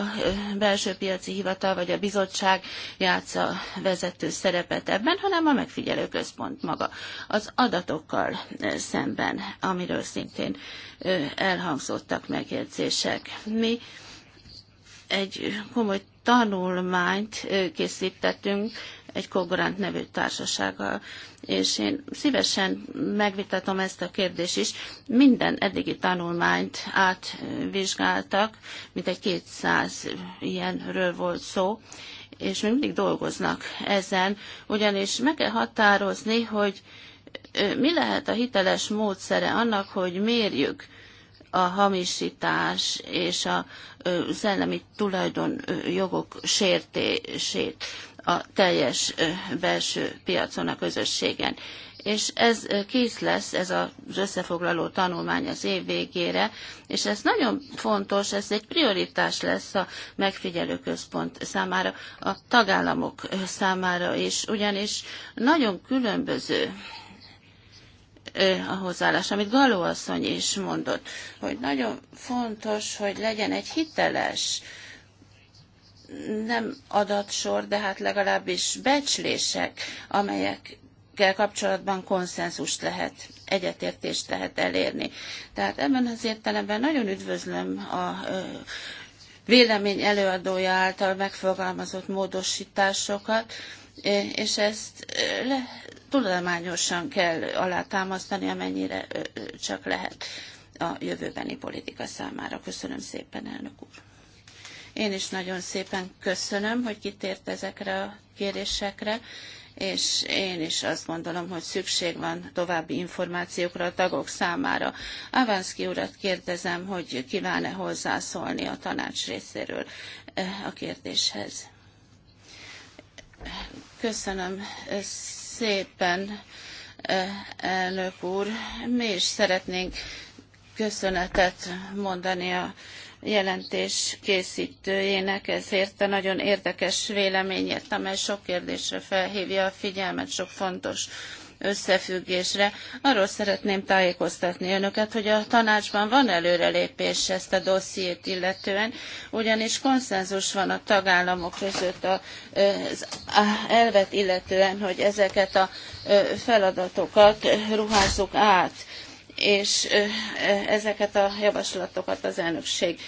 belső piaci hivatal vagy a bizottság játsza vezető szerepet ebben, hanem a megfigyelő központ maga az adatokkal szemben, amiről szintén elhangzottak megjegyzések. Mi egy komoly tanulmányt készítettünk egy Kogorant nevű társasággal. És én szívesen megvitatom ezt a kérdést is. Minden eddigi tanulmányt átvizsgáltak, mint egy 200 ilyenről volt szó, és még mindig dolgoznak ezen, ugyanis meg kell határozni, hogy mi lehet a hiteles módszere annak, hogy mérjük a hamisítás és a szellemi tulajdonjogok sértését a teljes belső piacon, a közösségen. És ez kész lesz, ez az összefoglaló tanulmány az év végére, és ez nagyon fontos, ez egy prioritás lesz a megfigyelőközpont számára, a tagállamok számára is, ugyanis nagyon különböző a hozzáállás, amit Galó asszony is mondott, hogy nagyon fontos, hogy legyen egy hiteles, nem adatsor, de hát legalábbis becslések, amelyek kell kapcsolatban konszenzust lehet, egyetértést lehet elérni. Tehát ebben az értelemben nagyon üdvözlöm a vélemény előadója által megfogalmazott módosításokat, és ezt le, tudományosan kell alátámasztani, amennyire csak lehet a jövőbeni politika számára. Köszönöm szépen, elnök úr! Én is nagyon szépen köszönöm, hogy kitért ezekre a kérésekre, és én is azt gondolom, hogy szükség van további információkra a tagok számára. Avanszki urat kérdezem, hogy kíván-e hozzászólni a tanács részéről eh, a kérdéshez. Köszönöm eh, szépen, eh, elnök úr. Mi is szeretnénk köszönetet mondani a jelentés készítőjének ezért a nagyon érdekes véleményét, amely sok kérdésre felhívja a figyelmet, sok fontos összefüggésre. Arról szeretném tájékoztatni önöket, hogy a tanácsban van előrelépés ezt a dossziét illetően, ugyanis konszenzus van a tagállamok között az elvet illetően, hogy ezeket a feladatokat ruházzuk át és ezeket a javaslatokat az elnökség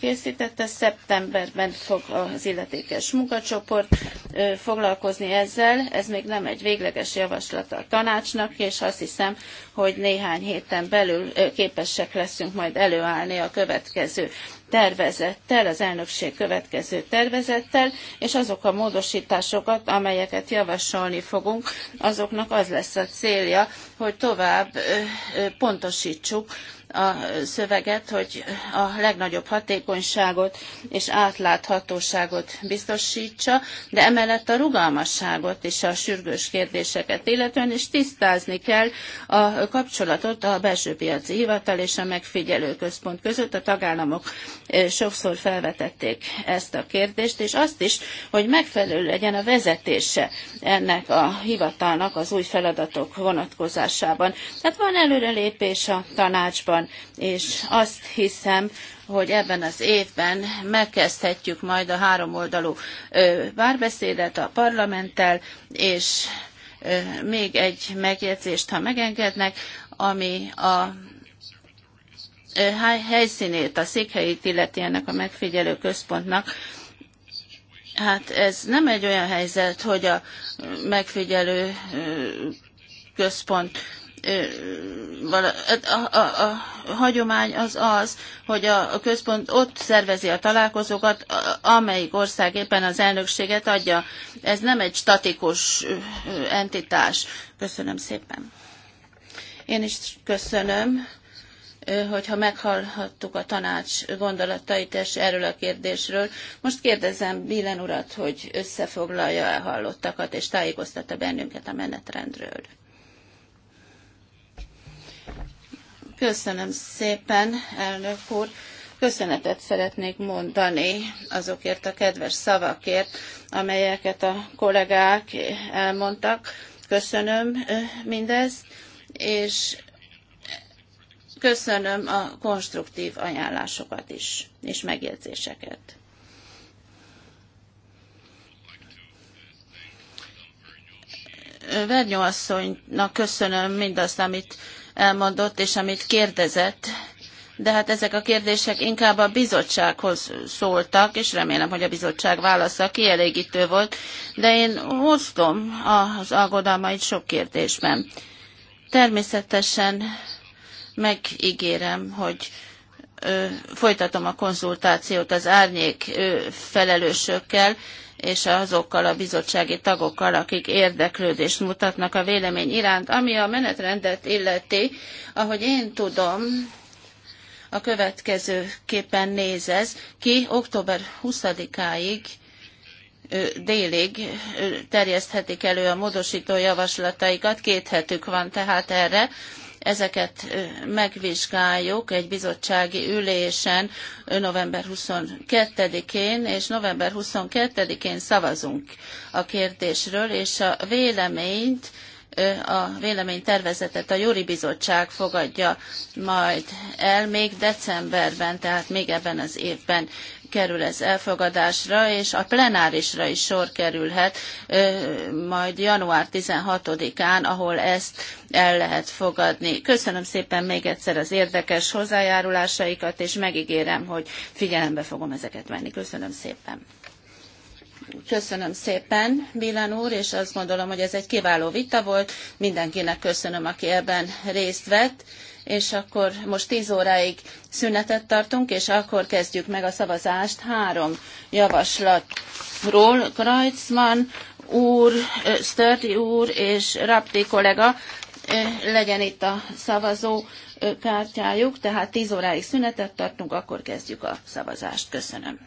készítette. Szeptemberben fog az illetékes munkacsoport foglalkozni ezzel. Ez még nem egy végleges javaslat a tanácsnak, és azt hiszem, hogy néhány héten belül képesek leszünk majd előállni a következő tervezettel, az elnökség következő tervezettel, és azok a módosításokat, amelyeket javasolni fogunk, azoknak az lesz a célja, hogy tovább pontosítsuk a szöveget, hogy a legnagyobb hatékonyságot és átláthatóságot biztosítsa, de emellett a rugalmasságot és a sürgős kérdéseket illetően is tisztázni kell a kapcsolatot a belső piaci hivatal és a megfigyelő központ között. A tagállamok sokszor felvetették ezt a kérdést, és azt is, hogy megfelelő legyen a vezetése ennek a hivatalnak az új feladatok vonatkozásában. Tehát van előrelépés a tanácsban, és azt hiszem, hogy ebben az évben megkezdhetjük majd a háromoldalú párbeszédet a parlamenttel, és még egy megjegyzést, ha megengednek, ami a helyszínét, a székhelyét illeti ennek a megfigyelő központnak. Hát ez nem egy olyan helyzet, hogy a megfigyelő központ Hát a, a, a hagyomány az az, hogy a, a központ ott szervezi a találkozókat, amelyik ország éppen az elnökséget adja. Ez nem egy statikus entitás. Köszönöm szépen. Én is köszönöm hogyha meghallhattuk a tanács gondolatait és erről a kérdésről. Most kérdezem Bílen urat, hogy összefoglalja elhallottakat és tájékoztatta bennünket a menetrendről. Köszönöm szépen, elnök úr. Köszönetet szeretnék mondani azokért a kedves szavakért, amelyeket a kollégák elmondtak. Köszönöm mindezt, és köszönöm a konstruktív ajánlásokat is, és megjegyzéseket. Vernyó asszonynak köszönöm mindazt, amit elmondott, és amit kérdezett, de hát ezek a kérdések inkább a bizottsághoz szóltak, és remélem, hogy a bizottság válasza kielégítő volt, de én osztom az aggodalmait sok kérdésben. Természetesen megígérem, hogy folytatom a konzultációt az árnyék felelősökkel, és azokkal a bizottsági tagokkal, akik érdeklődést mutatnak a vélemény iránt. Ami a menetrendet illeti, ahogy én tudom, a következőképpen néz ez ki október 20-áig délig terjeszthetik elő a módosító javaslataikat, két hetük van tehát erre, ezeket megvizsgáljuk egy bizottsági ülésen november 22-én, és november 22-én szavazunk a kérdésről, és a véleményt a véleménytervezetet a Júri Bizottság fogadja majd el még decemberben, tehát még ebben az évben kerül ez elfogadásra, és a plenárisra is sor kerülhet majd január 16-án, ahol ezt el lehet fogadni. Köszönöm szépen még egyszer az érdekes hozzájárulásaikat, és megígérem, hogy figyelembe fogom ezeket venni. Köszönöm szépen. Köszönöm szépen, Bilán úr, és azt gondolom, hogy ez egy kiváló vita volt. Mindenkinek köszönöm, aki ebben részt vett és akkor most 10 óráig szünetet tartunk, és akkor kezdjük meg a szavazást. Három javaslatról Kreutzmann úr, Störti úr és Rapti kollega legyen itt a szavazó kártyájuk, tehát 10 óráig szünetet tartunk, akkor kezdjük a szavazást. Köszönöm.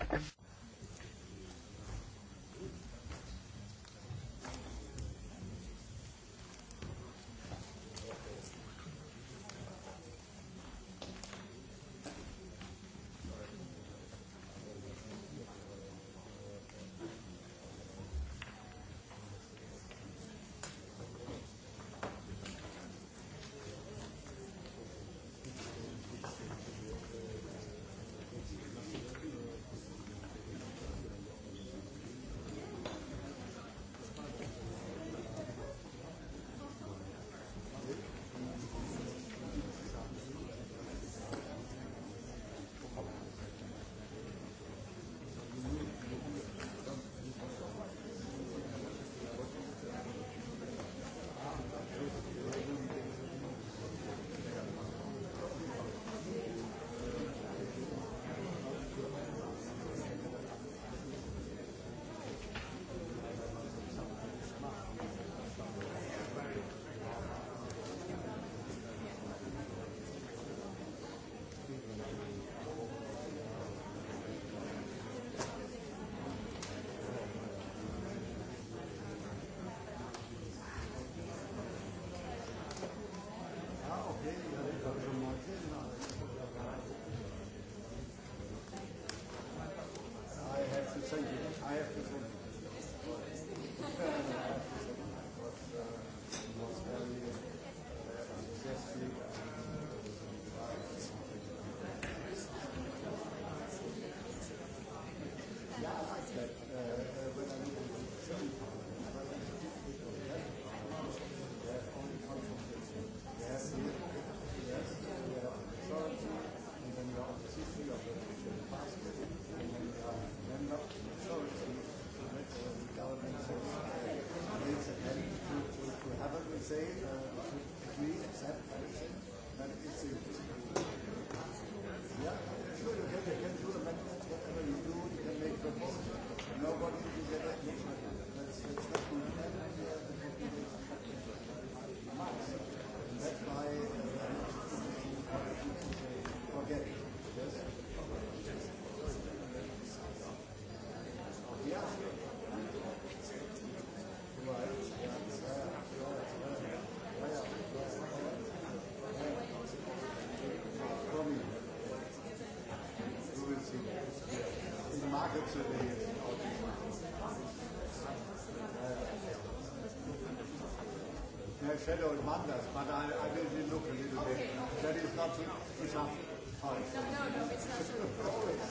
a shadow in Mandas, but I, I really look a little okay. bit. That is not enough. No, no, no, it's not.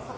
Thank you.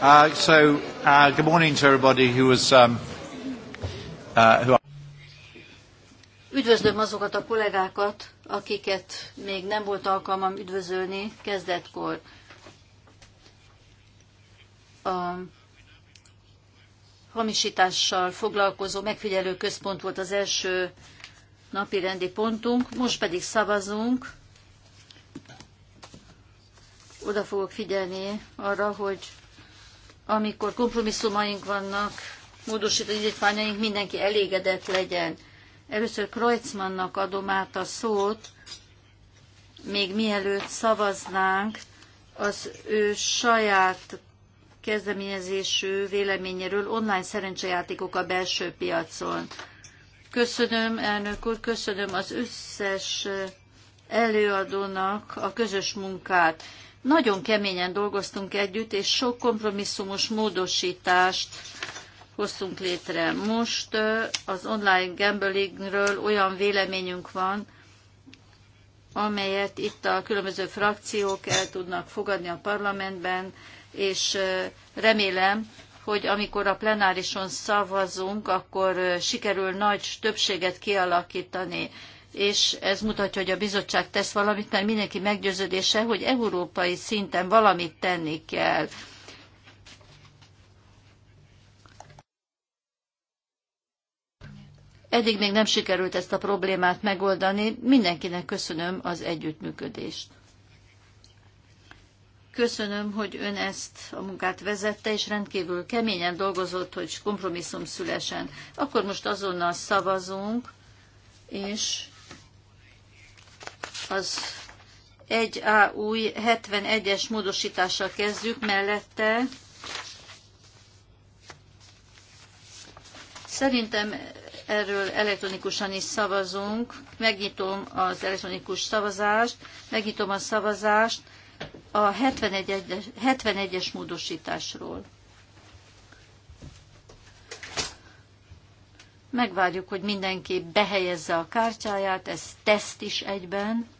Uh, so, uh, good morning to everybody who was, um, uh, who Üdvözlöm azokat a kollégákat, akiket még nem volt alkalmam üdvözölni kezdetkor. A hamisítással foglalkozó megfigyelő központ volt az első napi rendi pontunk, most pedig szavazunk. Oda fogok figyelni arra, hogy amikor kompromisszumaink vannak, módosító indítványaink, mindenki elégedett legyen. Először Kreutzmannnak adom át a szót, még mielőtt szavaznánk az ő saját kezdeményezésű véleményéről online szerencsejátékok a belső piacon. Köszönöm, elnök úr, köszönöm az összes előadónak a közös munkát. Nagyon keményen dolgoztunk együtt, és sok kompromisszumos módosítást hoztunk létre. Most az online gamblingről olyan véleményünk van, amelyet itt a különböző frakciók el tudnak fogadni a parlamentben, és remélem, hogy amikor a plenárison szavazunk, akkor sikerül nagy többséget kialakítani és ez mutatja, hogy a bizottság tesz valamit, mert mindenki meggyőződése, hogy európai szinten valamit tenni kell. Eddig még nem sikerült ezt a problémát megoldani. Mindenkinek köszönöm az együttműködést. Köszönöm, hogy ön ezt a munkát vezette, és rendkívül keményen dolgozott, hogy kompromisszum szülesen. Akkor most azonnal szavazunk, és az 1A új 71-es módosítással kezdjük mellette. Szerintem erről elektronikusan is szavazunk. Megnyitom az elektronikus szavazást, megnyitom a szavazást a 71-es, 71 módosításról. Megvárjuk, hogy mindenki behelyezze a kártyáját, ez teszt is egyben.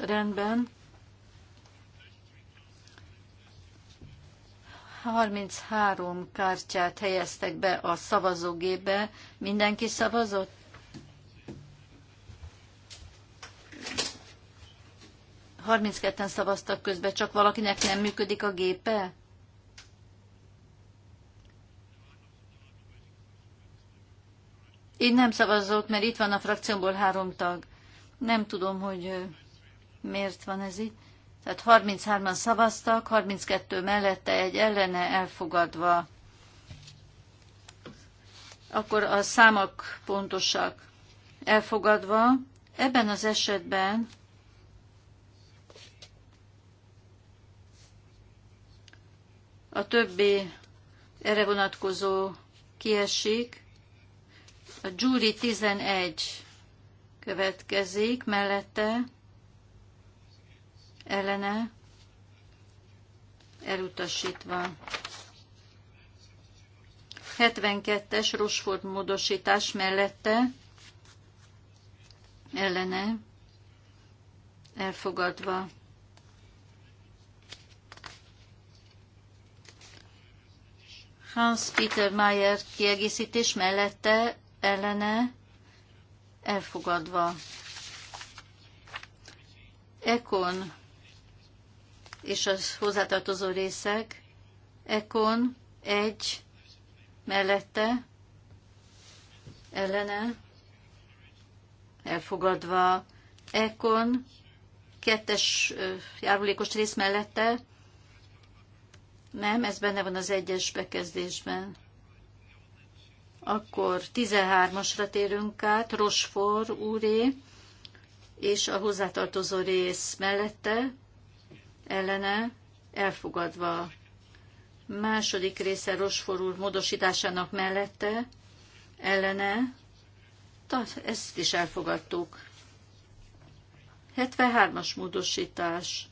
Rendben. 33 kártyát helyeztek be a szavazógébe. Mindenki szavazott? Harminckettőn szavaztak közben, csak valakinek nem működik a gépe? Én nem szavazok, mert itt van a frakciómból három tag. Nem tudom, hogy Miért van ez így? Tehát 33-an szavaztak, 32 mellette egy ellene elfogadva. Akkor a számok pontosak elfogadva. Ebben az esetben a többi erre vonatkozó kiesik. A júri 11 következik mellette ellene elutasítva. 72-es Rosford módosítás mellette ellene elfogadva. Hans Peter Mayer kiegészítés mellette ellene elfogadva. Ekon és az hozzátartozó részek, Ekon egy mellette, ellene, elfogadva, Ekon kettes járulékos rész mellette, nem, ez benne van az egyes bekezdésben. Akkor 13-asra térünk át, Rosfor úré, és a hozzátartozó rész mellette, ellene elfogadva. Második része Rosfor úr módosításának mellette ellene, ezt is elfogadtuk. 73-as módosítás.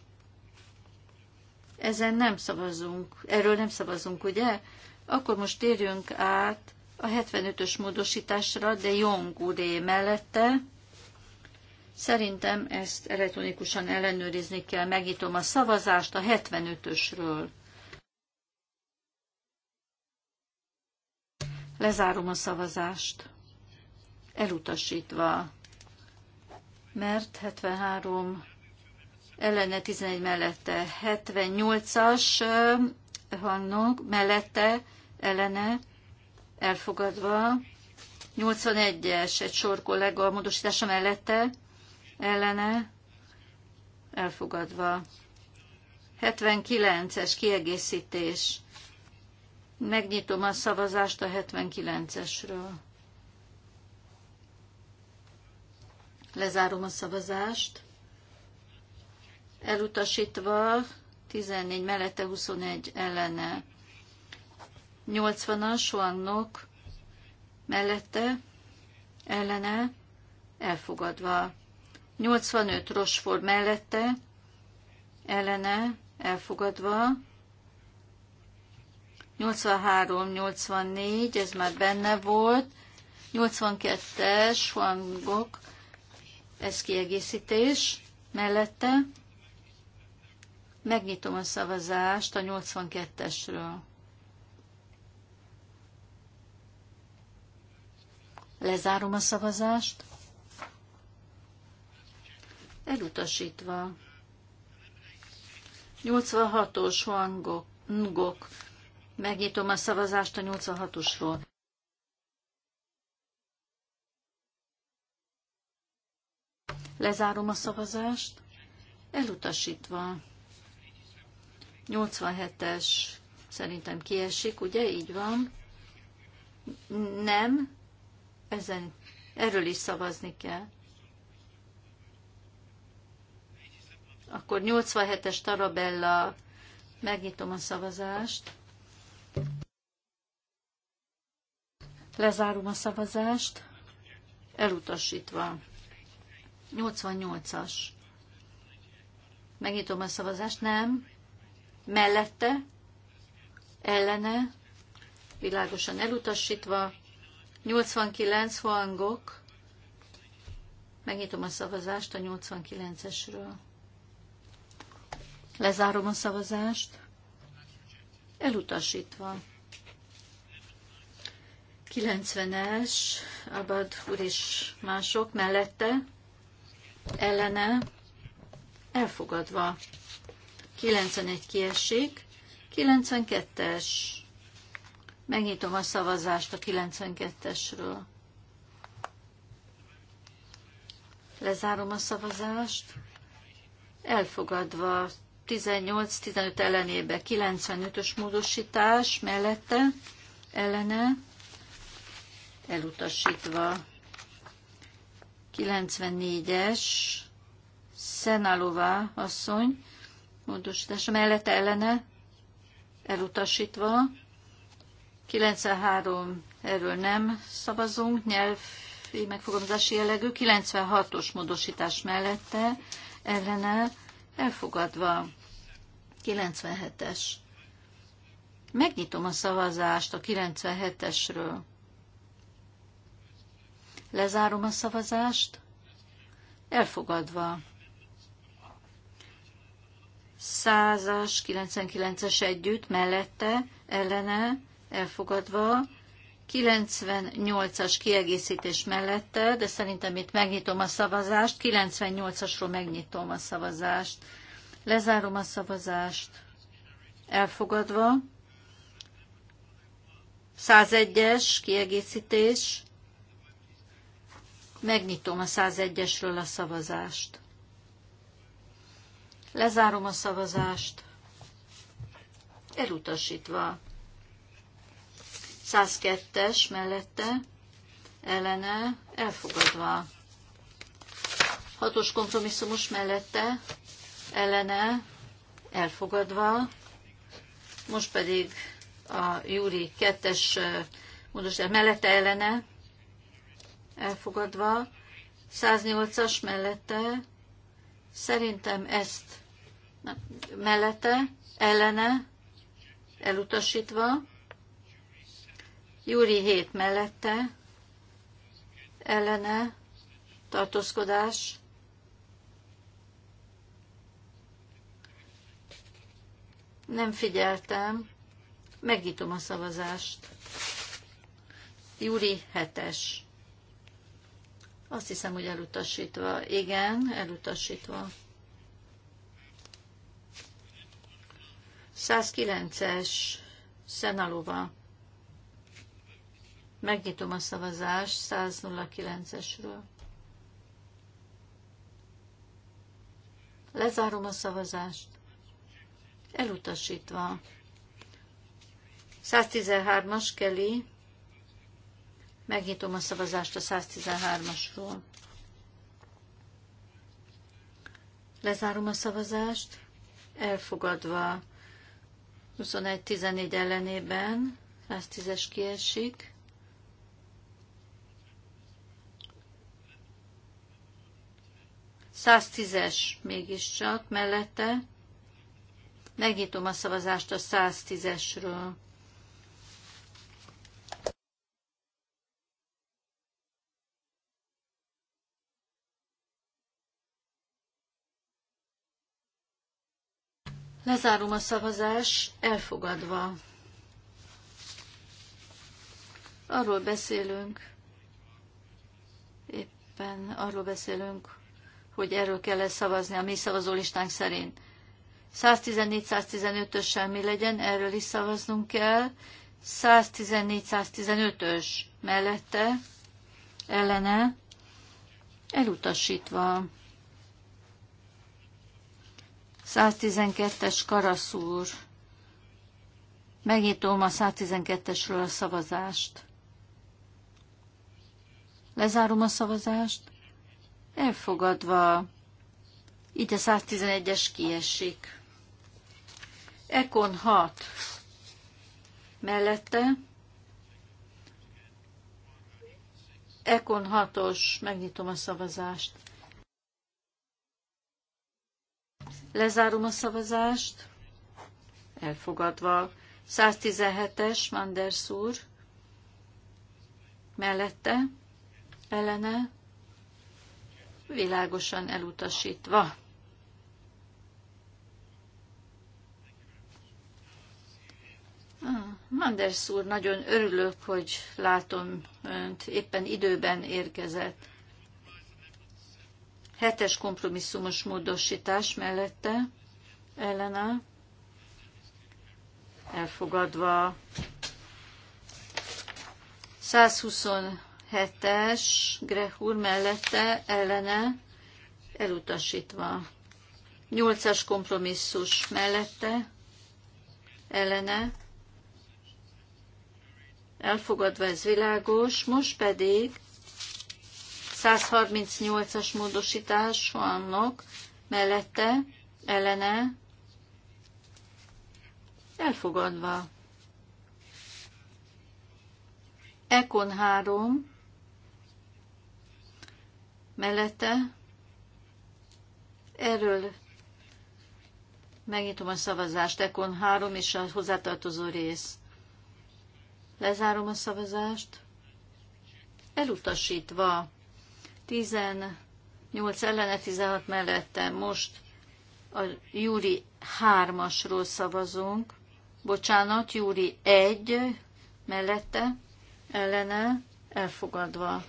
Ezen nem szavazunk, erről nem szavazunk, ugye? Akkor most térjünk át a 75-ös módosításra, de Jong úré mellette Szerintem ezt elektronikusan ellenőrizni kell. Megnyitom a szavazást a 75-ösről. Lezárom a szavazást. Elutasítva. Mert 73 ellene 11 mellette 78-as eh, hangnok mellette ellene elfogadva, 81-es egy sor kollega a módosítása mellette ellene elfogadva. 79-es kiegészítés. Megnyitom a szavazást a 79-esről. Lezárom a szavazást. Elutasítva 14 mellette 21 ellene. 80-as Huangnok mellette ellene elfogadva. 85 Rosford mellette, ellene elfogadva, 83-84, ez már benne volt, 82-es hangok, ez kiegészítés mellette. Megnyitom a szavazást a 82-esről. Lezárom a szavazást elutasítva. 86-os hangok, ngok. Megnyitom a szavazást a 86-osról. Lezárom a szavazást. Elutasítva. 87-es szerintem kiesik, ugye? Így van. Nem. Ezen, erről is szavazni kell. Akkor 87-es Tarabella, megnyitom a szavazást. Lezárom a szavazást. Elutasítva. 88-as. Megnyitom a szavazást. Nem. Mellette. Ellene. Világosan elutasítva. 89 hangok. Megnyitom a szavazást a 89-esről. Lezárom a szavazást. Elutasítva. 90-es, Abad úr és mások mellette, ellene, elfogadva. 91 kiesik, 92-es. Megnyitom a szavazást a 92-esről. Lezárom a szavazást. Elfogadva 18-15 ellenébe 95-ös módosítás mellette ellene elutasítva. 94-es Szenalová asszony módosítása mellette ellene elutasítva. 93 erről nem szavazunk, nyelvi megfogalmazási jellegű, 96-os módosítás mellette ellene elfogadva. 97-es. Megnyitom a szavazást a 97-esről. Lezárom a szavazást. Elfogadva. 100-as, 99-es együtt, mellette, ellene, elfogadva. 98-as kiegészítés mellette, de szerintem itt megnyitom a szavazást. 98-asról megnyitom a szavazást. Lezárom a szavazást. Elfogadva. 101-es kiegészítés. Megnyitom a 101-esről a szavazást. Lezárom a szavazást. Elutasítva. 102-es mellette, ellene, elfogadva. Hatos kompromisszumos mellette, ellene elfogadva. Most pedig a Júri kettes, es módosítás mellette ellene elfogadva. 108-as mellette szerintem ezt mellette ellene elutasítva. Júri 7 mellette ellene tartózkodás Nem figyeltem. Megnyitom a szavazást. Júri 7-es. Azt hiszem, hogy elutasítva. Igen, elutasítva. 109-es Szenalova. Megnyitom a szavazást 109-esről. Lezárom a szavazást elutasítva. 113-as Kelly, megnyitom a szavazást a 113-asról. Lezárom a szavazást, elfogadva 21-14 ellenében, 110-es kiesik. Száztízes mégiscsak mellette, Megnyitom a szavazást a 110-esről. Lezárom a szavazás, elfogadva. Arról beszélünk, éppen arról beszélünk, hogy erről kell -e szavazni a mi szavazólistánk szerint. 114-115-össel mi legyen, erről is szavaznunk kell. 114-115-ös mellette, ellene, elutasítva. 112-es karaszúr. Megnyitom a 112-esről a szavazást. Lezárom a szavazást. Elfogadva. Így a 111-es kiesik. Ekon 6 mellette. Ekon 6-os, megnyitom a szavazást. Lezárom a szavazást. Elfogadva. 117-es, Manders úr. Mellette, ellene, világosan elutasítva. Ah, Manders úr, nagyon örülök, hogy látom önt, éppen időben érkezett. Hetes kompromisszumos módosítás mellette ellene elfogadva 127-es Grehur mellette ellene elutasítva. 8-as kompromisszus mellette ellene elfogadva, ez világos. Most pedig 138-as módosítás vannak mellette, ellene, elfogadva. Ekon 3 mellette, erről megnyitom a szavazást, Ekon 3 és a hozzátartozó rész. Lezárom a szavazást. Elutasítva 18 ellene 16 mellette most a Júri 3-asról szavazunk. Bocsánat, Júri 1 mellette ellene elfogadva.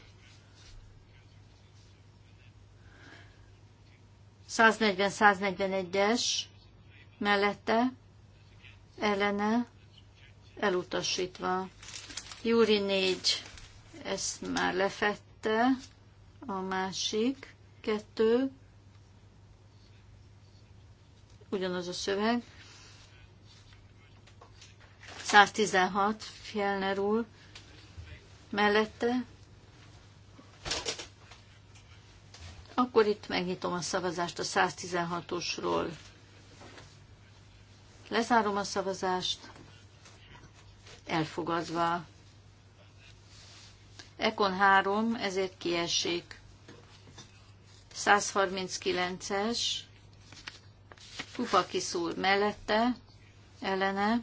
140-141-es mellette ellene elutasítva. Júri 4, ezt már lefette, a másik kettő, ugyanaz a szöveg. 116, Fjellner úr, mellette. Akkor itt megnyitom a szavazást a 116-osról. Lezárom a szavazást elfogadva. Ekon 3, ezért kiesik. 139-es, pupa kiszúr mellette, ellene,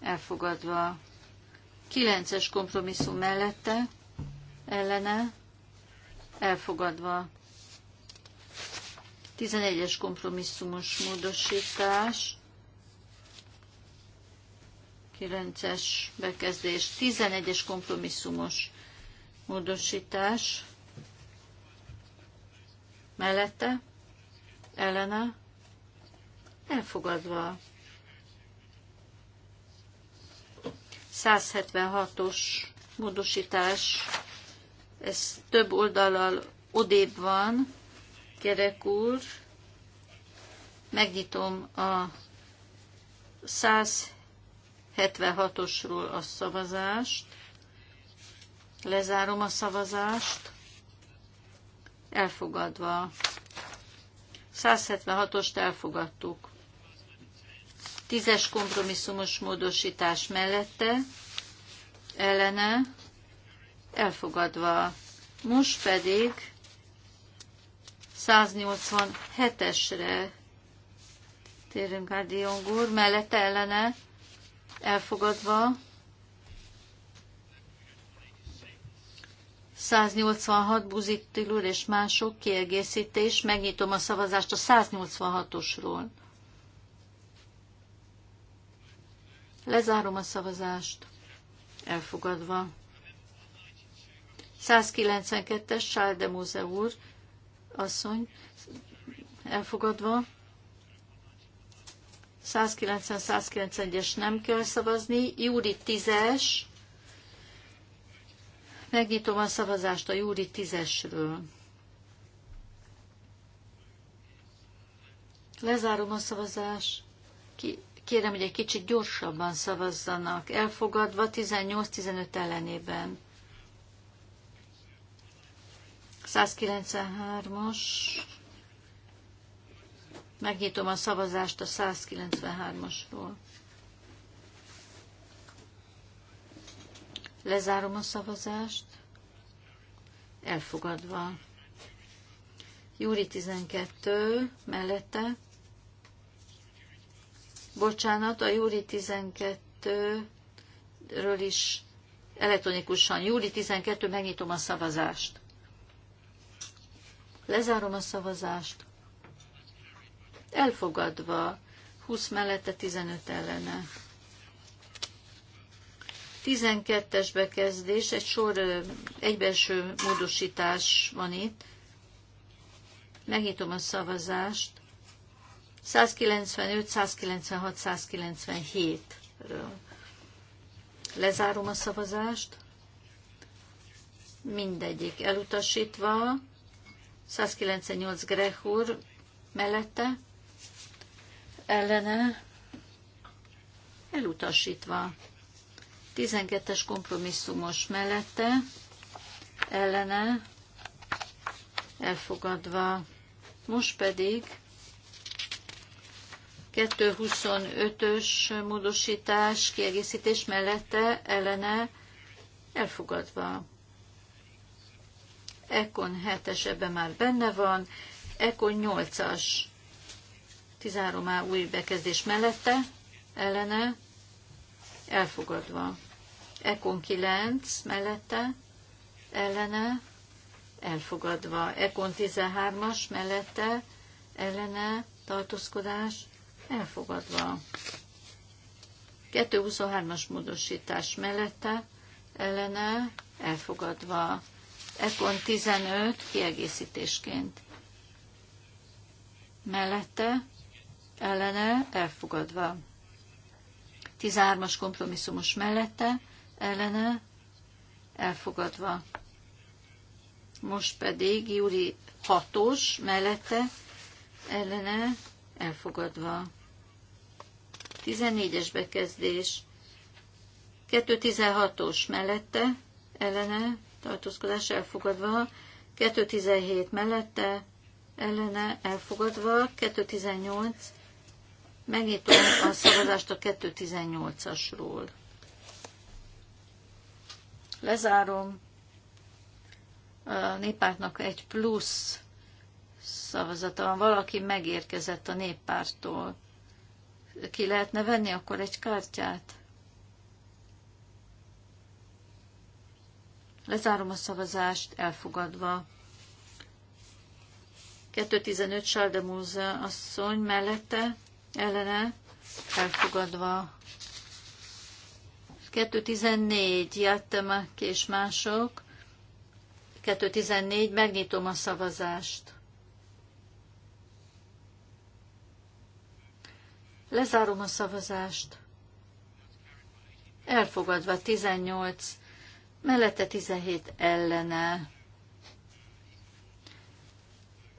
elfogadva. 9-es kompromisszum mellette, ellene, elfogadva. 11-es kompromisszumos módosítás, 9-es bekezdés, 11-es kompromisszumos módosítás mellette, ellene, elfogadva. 176-os módosítás, ez több oldalal odébb van, kerek úr. Megnyitom a 176 76-osról a szavazást. Lezárom a szavazást. Elfogadva. 176-ost elfogadtuk. tízes kompromisszumos módosítás mellette, ellene, elfogadva. Most pedig 187-esre térünk át Diongur mellette ellene elfogadva. 186 buzitil úr és mások kiegészítés. Megnyitom a szavazást a 186-osról. Lezárom a szavazást. Elfogadva. 192-es Sáldemóze úr, asszony, elfogadva. 190-191-es nem kell szavazni. Júri 10-es. Megnyitom a szavazást a Júri 10-esről. Lezárom a szavazást. kérem, hogy egy kicsit gyorsabban szavazzanak. Elfogadva 18-15 ellenében. 193-as. Megnyitom a szavazást a 193-asról. Lezárom a szavazást. Elfogadva. Júri 12 mellette. Bocsánat, a Júri 12-ről is elektronikusan. Júli 12, megnyitom a szavazást. Lezárom a szavazást elfogadva, 20 mellette 15 ellene. 12-es bekezdés, egy sor egybelső módosítás van itt. Megnyitom a szavazást. 195, 196, 197-ről. Lezárom a szavazást. Mindegyik elutasítva. 198 Grehur mellette ellene elutasítva. 12-es kompromisszumos mellette ellene elfogadva. Most pedig 225-ös módosítás kiegészítés mellette ellene elfogadva. Ekon 7-es ebben már benne van, Ekon 8-as 13A új bekezdés mellette, ellene, elfogadva. Ekon 9 mellette, ellene, elfogadva. Ekon 13-as mellette, ellene, tartózkodás, elfogadva. 223-as módosítás mellette, ellene, elfogadva. Ekon 15 kiegészítésként. Mellette, ellene elfogadva. 13-as kompromisszumos mellette ellene elfogadva. Most pedig júli 6-os mellette ellene elfogadva. 14-es bekezdés. 2.16-os mellette ellene tartózkodás elfogadva. 2.17 mellette ellene elfogadva. 2.18 Megnyitom a szavazást a 218-asról. Lezárom. A néppártnak egy plusz szavazata van. Valaki megérkezett a néppártól. Ki lehetne venni akkor egy kártyát? Lezárom a szavazást, elfogadva. 215 Sáldemúza asszony mellette ellene elfogadva. 214 Jattemak és mások. 214 megnyitom a szavazást. Lezárom a szavazást. Elfogadva 18, mellette 17 ellene.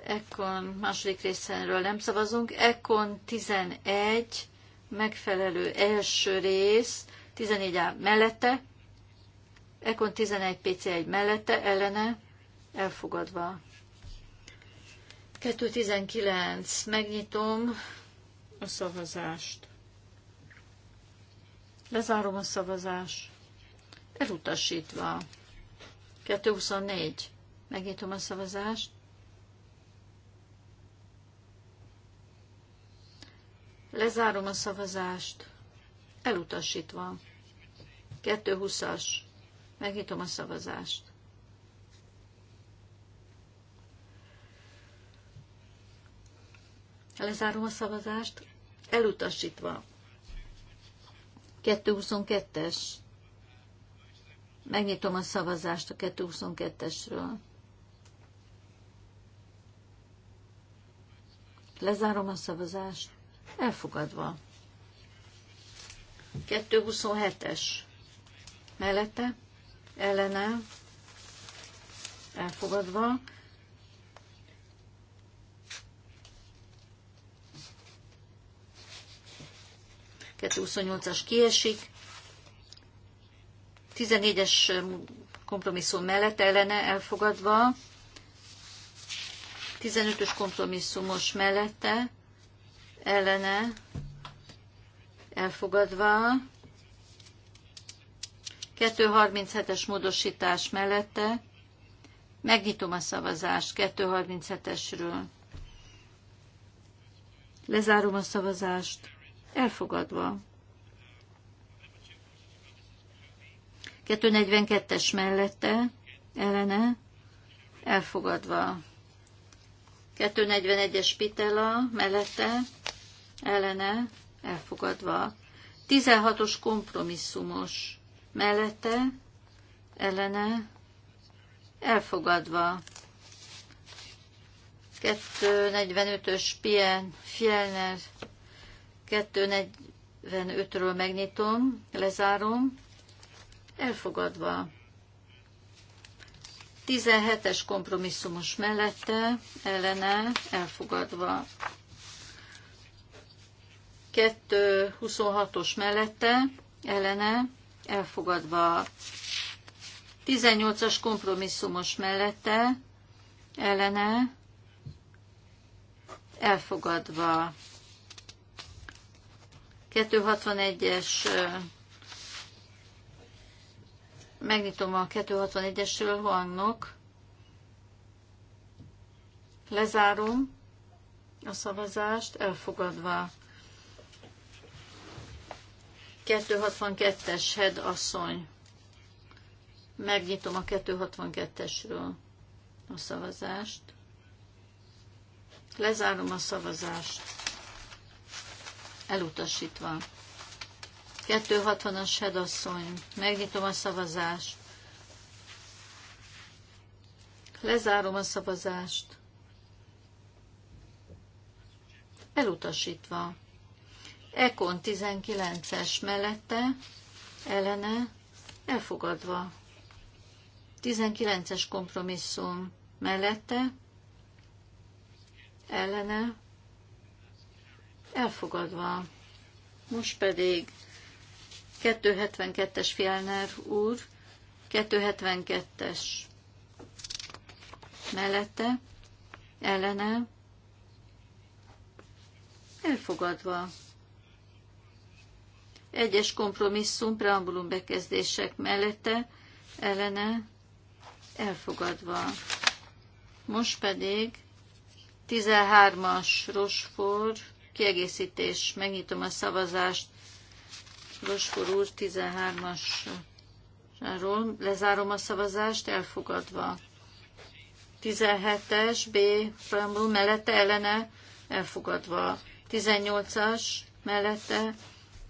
Ekkon második részéről nem szavazunk. Ekkon 11, megfelelő első rész, 14 A mellette. Ekkon 11 PC1 mellette, ellene, elfogadva. 219, megnyitom a szavazást. Lezárom a szavazást. Elutasítva. 224. Megnyitom a szavazást. Lezárom a szavazást. Elutasítva. 220-as. Megnyitom a szavazást. Lezárom a szavazást. Elutasítva. 222-es. Megnyitom a szavazást a 222-esről. Lezárom a szavazást. Elfogadva. 227-es. Mellette, ellene, elfogadva. as kiesik. 14-es kompromisszum mellett ellene elfogadva. 15-ös kompromisszumos mellette ellene elfogadva, 237-es módosítás mellette megnyitom a szavazást 237-esről. Lezárom a szavazást. Elfogadva. 242-es mellette ellene elfogadva. 241-es Pitela mellette ellene elfogadva. 16-os kompromisszumos mellette ellene elfogadva. 245-ös Pien Fjellner 245-ről megnyitom, lezárom, elfogadva. 17-es kompromisszumos mellette, ellene, elfogadva. 226-os mellette ellene elfogadva. 18-as kompromisszumos mellette ellene elfogadva. 261-es megnyitom a 261-esről vannak Lezárom a szavazást, elfogadva. 262-es head asszony. Megnyitom a 262-esről a szavazást. Lezárom a szavazást. Elutasítva. 260-as asszony. Megnyitom a szavazást. Lezárom a szavazást. Elutasítva. Ekon 19-es mellette, ellene, elfogadva. 19-es kompromisszum mellette, ellene, elfogadva. Most pedig 272-es Fjellner úr, 272-es mellette, ellene, elfogadva. Egyes kompromisszum preambulum bekezdések mellette ellene elfogadva. Most pedig 13-as Rosfor kiegészítés. Megnyitom a szavazást. Rosfor úr 13 as Lezárom a szavazást, elfogadva. 17-es B preambulum mellette ellene elfogadva. 18-as mellette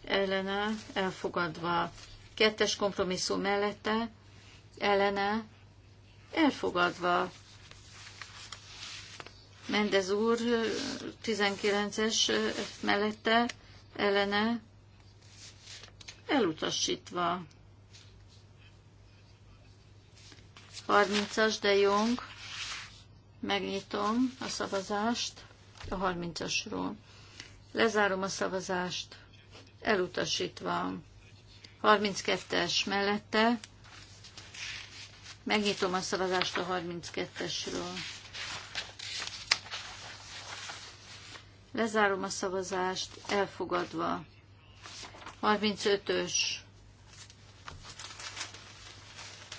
ellene elfogadva. Kettes kompromisszum mellette ellene elfogadva. Mendez úr 19-es mellette ellene elutasítva. 30-as de Jong, megnyitom a szavazást a 30-asról. Lezárom a szavazást elutasítva. 32-es mellette. Megnyitom a szavazást a 32-esről. Lezárom a szavazást, elfogadva. 35-ös.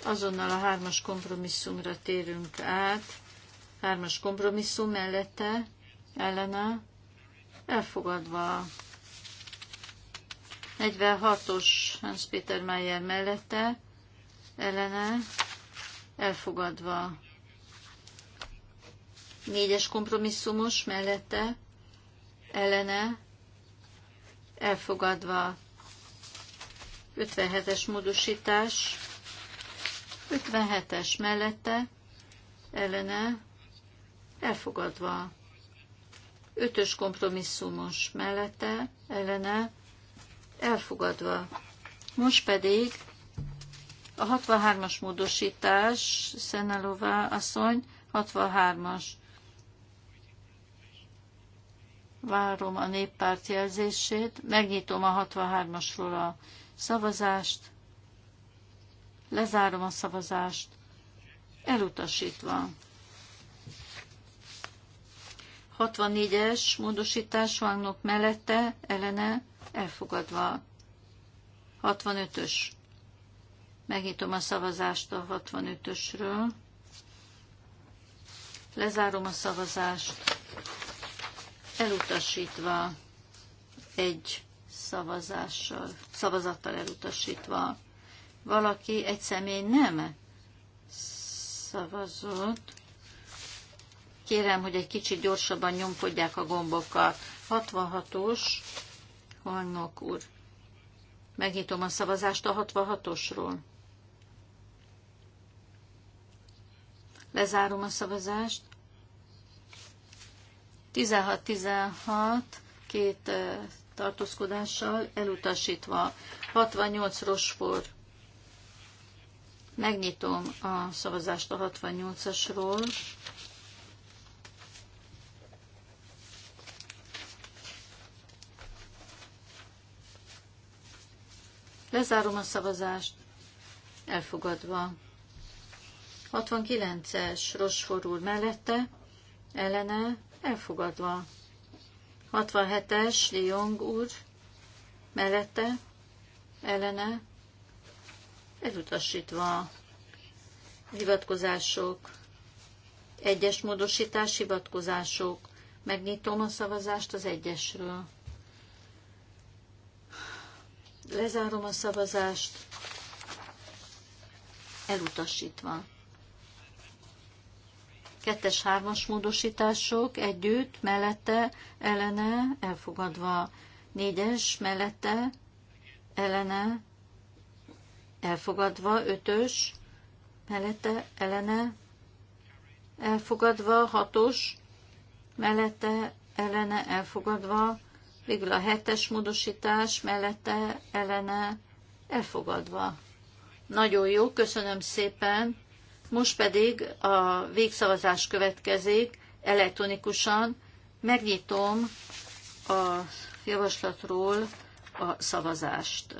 Azonnal a hármas kompromisszumra térünk át. Hármas kompromisszum mellette, ellene, elfogadva. 46-os Hans Peter Mayer mellette, ellene elfogadva. Négyes kompromisszumos mellette, ellene elfogadva. 57-es módosítás, 57-es mellette, ellene elfogadva. 5-ös kompromisszumos mellette, ellene elfogadva. Most pedig a 63-as módosítás, Szenelová asszony, 63-as. Várom a néppárt jelzését, megnyitom a 63-asról a szavazást, lezárom a szavazást, elutasítva. 64-es módosítás vannak mellette, ellene, elfogadva. 65-ös. Megnyitom a szavazást a 65-ösről. Lezárom a szavazást. Elutasítva egy szavazással, szavazattal elutasítva. Valaki, egy személy nem szavazott. Kérem, hogy egy kicsit gyorsabban nyomkodják a gombokat. 66-os Hannok úr. Megnyitom a szavazást a 66-osról. Lezárom a szavazást. 16-16, két tartózkodással elutasítva. 68 Rosfor. Megnyitom a szavazást a 68-asról. Lezárom a szavazást. Elfogadva. 69-es Rosfor úr mellette, ellene, elfogadva. 67-es Liong úr mellette, ellene, elutasítva. Hivatkozások, egyes módosítás, hivatkozások. Megnyitom a szavazást az egyesről. Lezárom a szavazást. Elutasítva. Kettes, hármas módosítások együtt, mellette, ellene, elfogadva. Négyes, mellette, ellene, elfogadva. Ötös, mellette, ellene, elfogadva. Hatos, mellette, ellene, elfogadva Végül a hetes módosítás mellette ellene elfogadva. Nagyon jó, köszönöm szépen. Most pedig a végszavazás következik elektronikusan. Megnyitom a javaslatról a szavazást.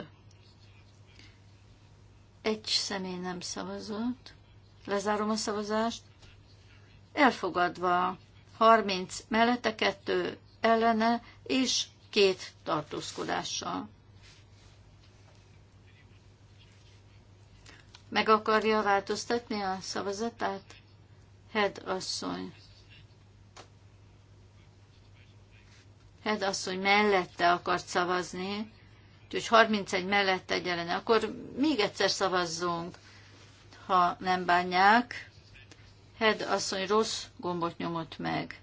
Egy személy nem szavazott. Lezárom a szavazást. Elfogadva 30 mellette 2 ellene, és két tartózkodással. Meg akarja változtatni a szavazatát? Head asszony. Head asszony mellette akart szavazni, úgyhogy 31 mellett ellene. Akkor még egyszer szavazzunk, ha nem bánják. Head asszony rossz gombot nyomott meg.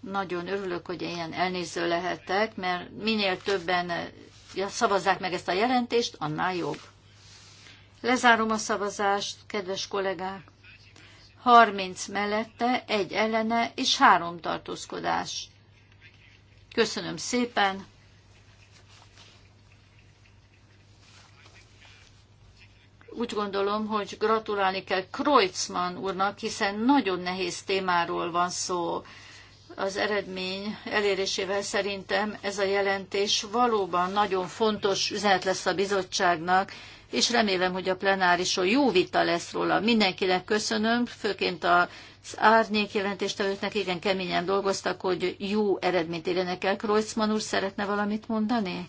Nagyon örülök, hogy ilyen elnéző lehetek, mert minél többen szavazzák meg ezt a jelentést, annál jobb. Lezárom a szavazást, kedves kollégák. 30 mellette, egy ellene és három tartózkodás. Köszönöm szépen! Úgy gondolom, hogy gratulálni kell Kreutzmann úrnak, hiszen nagyon nehéz témáról van szó az eredmény elérésével szerintem ez a jelentés valóban nagyon fontos üzenet lesz a bizottságnak, és remélem, hogy a plenárison jó vita lesz róla. Mindenkinek köszönöm, főként az árnyék jelentéstevőknek igen keményen dolgoztak, hogy jó eredményt érjenek el. Kreuzmann úr szeretne valamit mondani?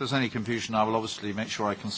there's any confusion, I will obviously make sure I can...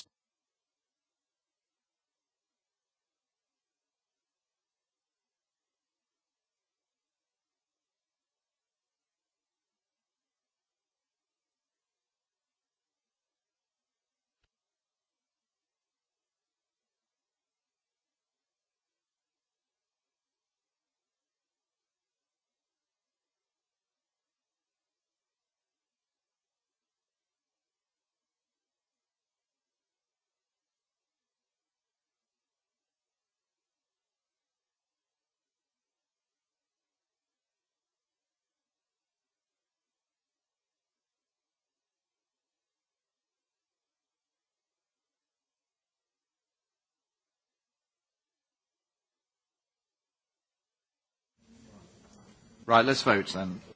Right, let's vote then.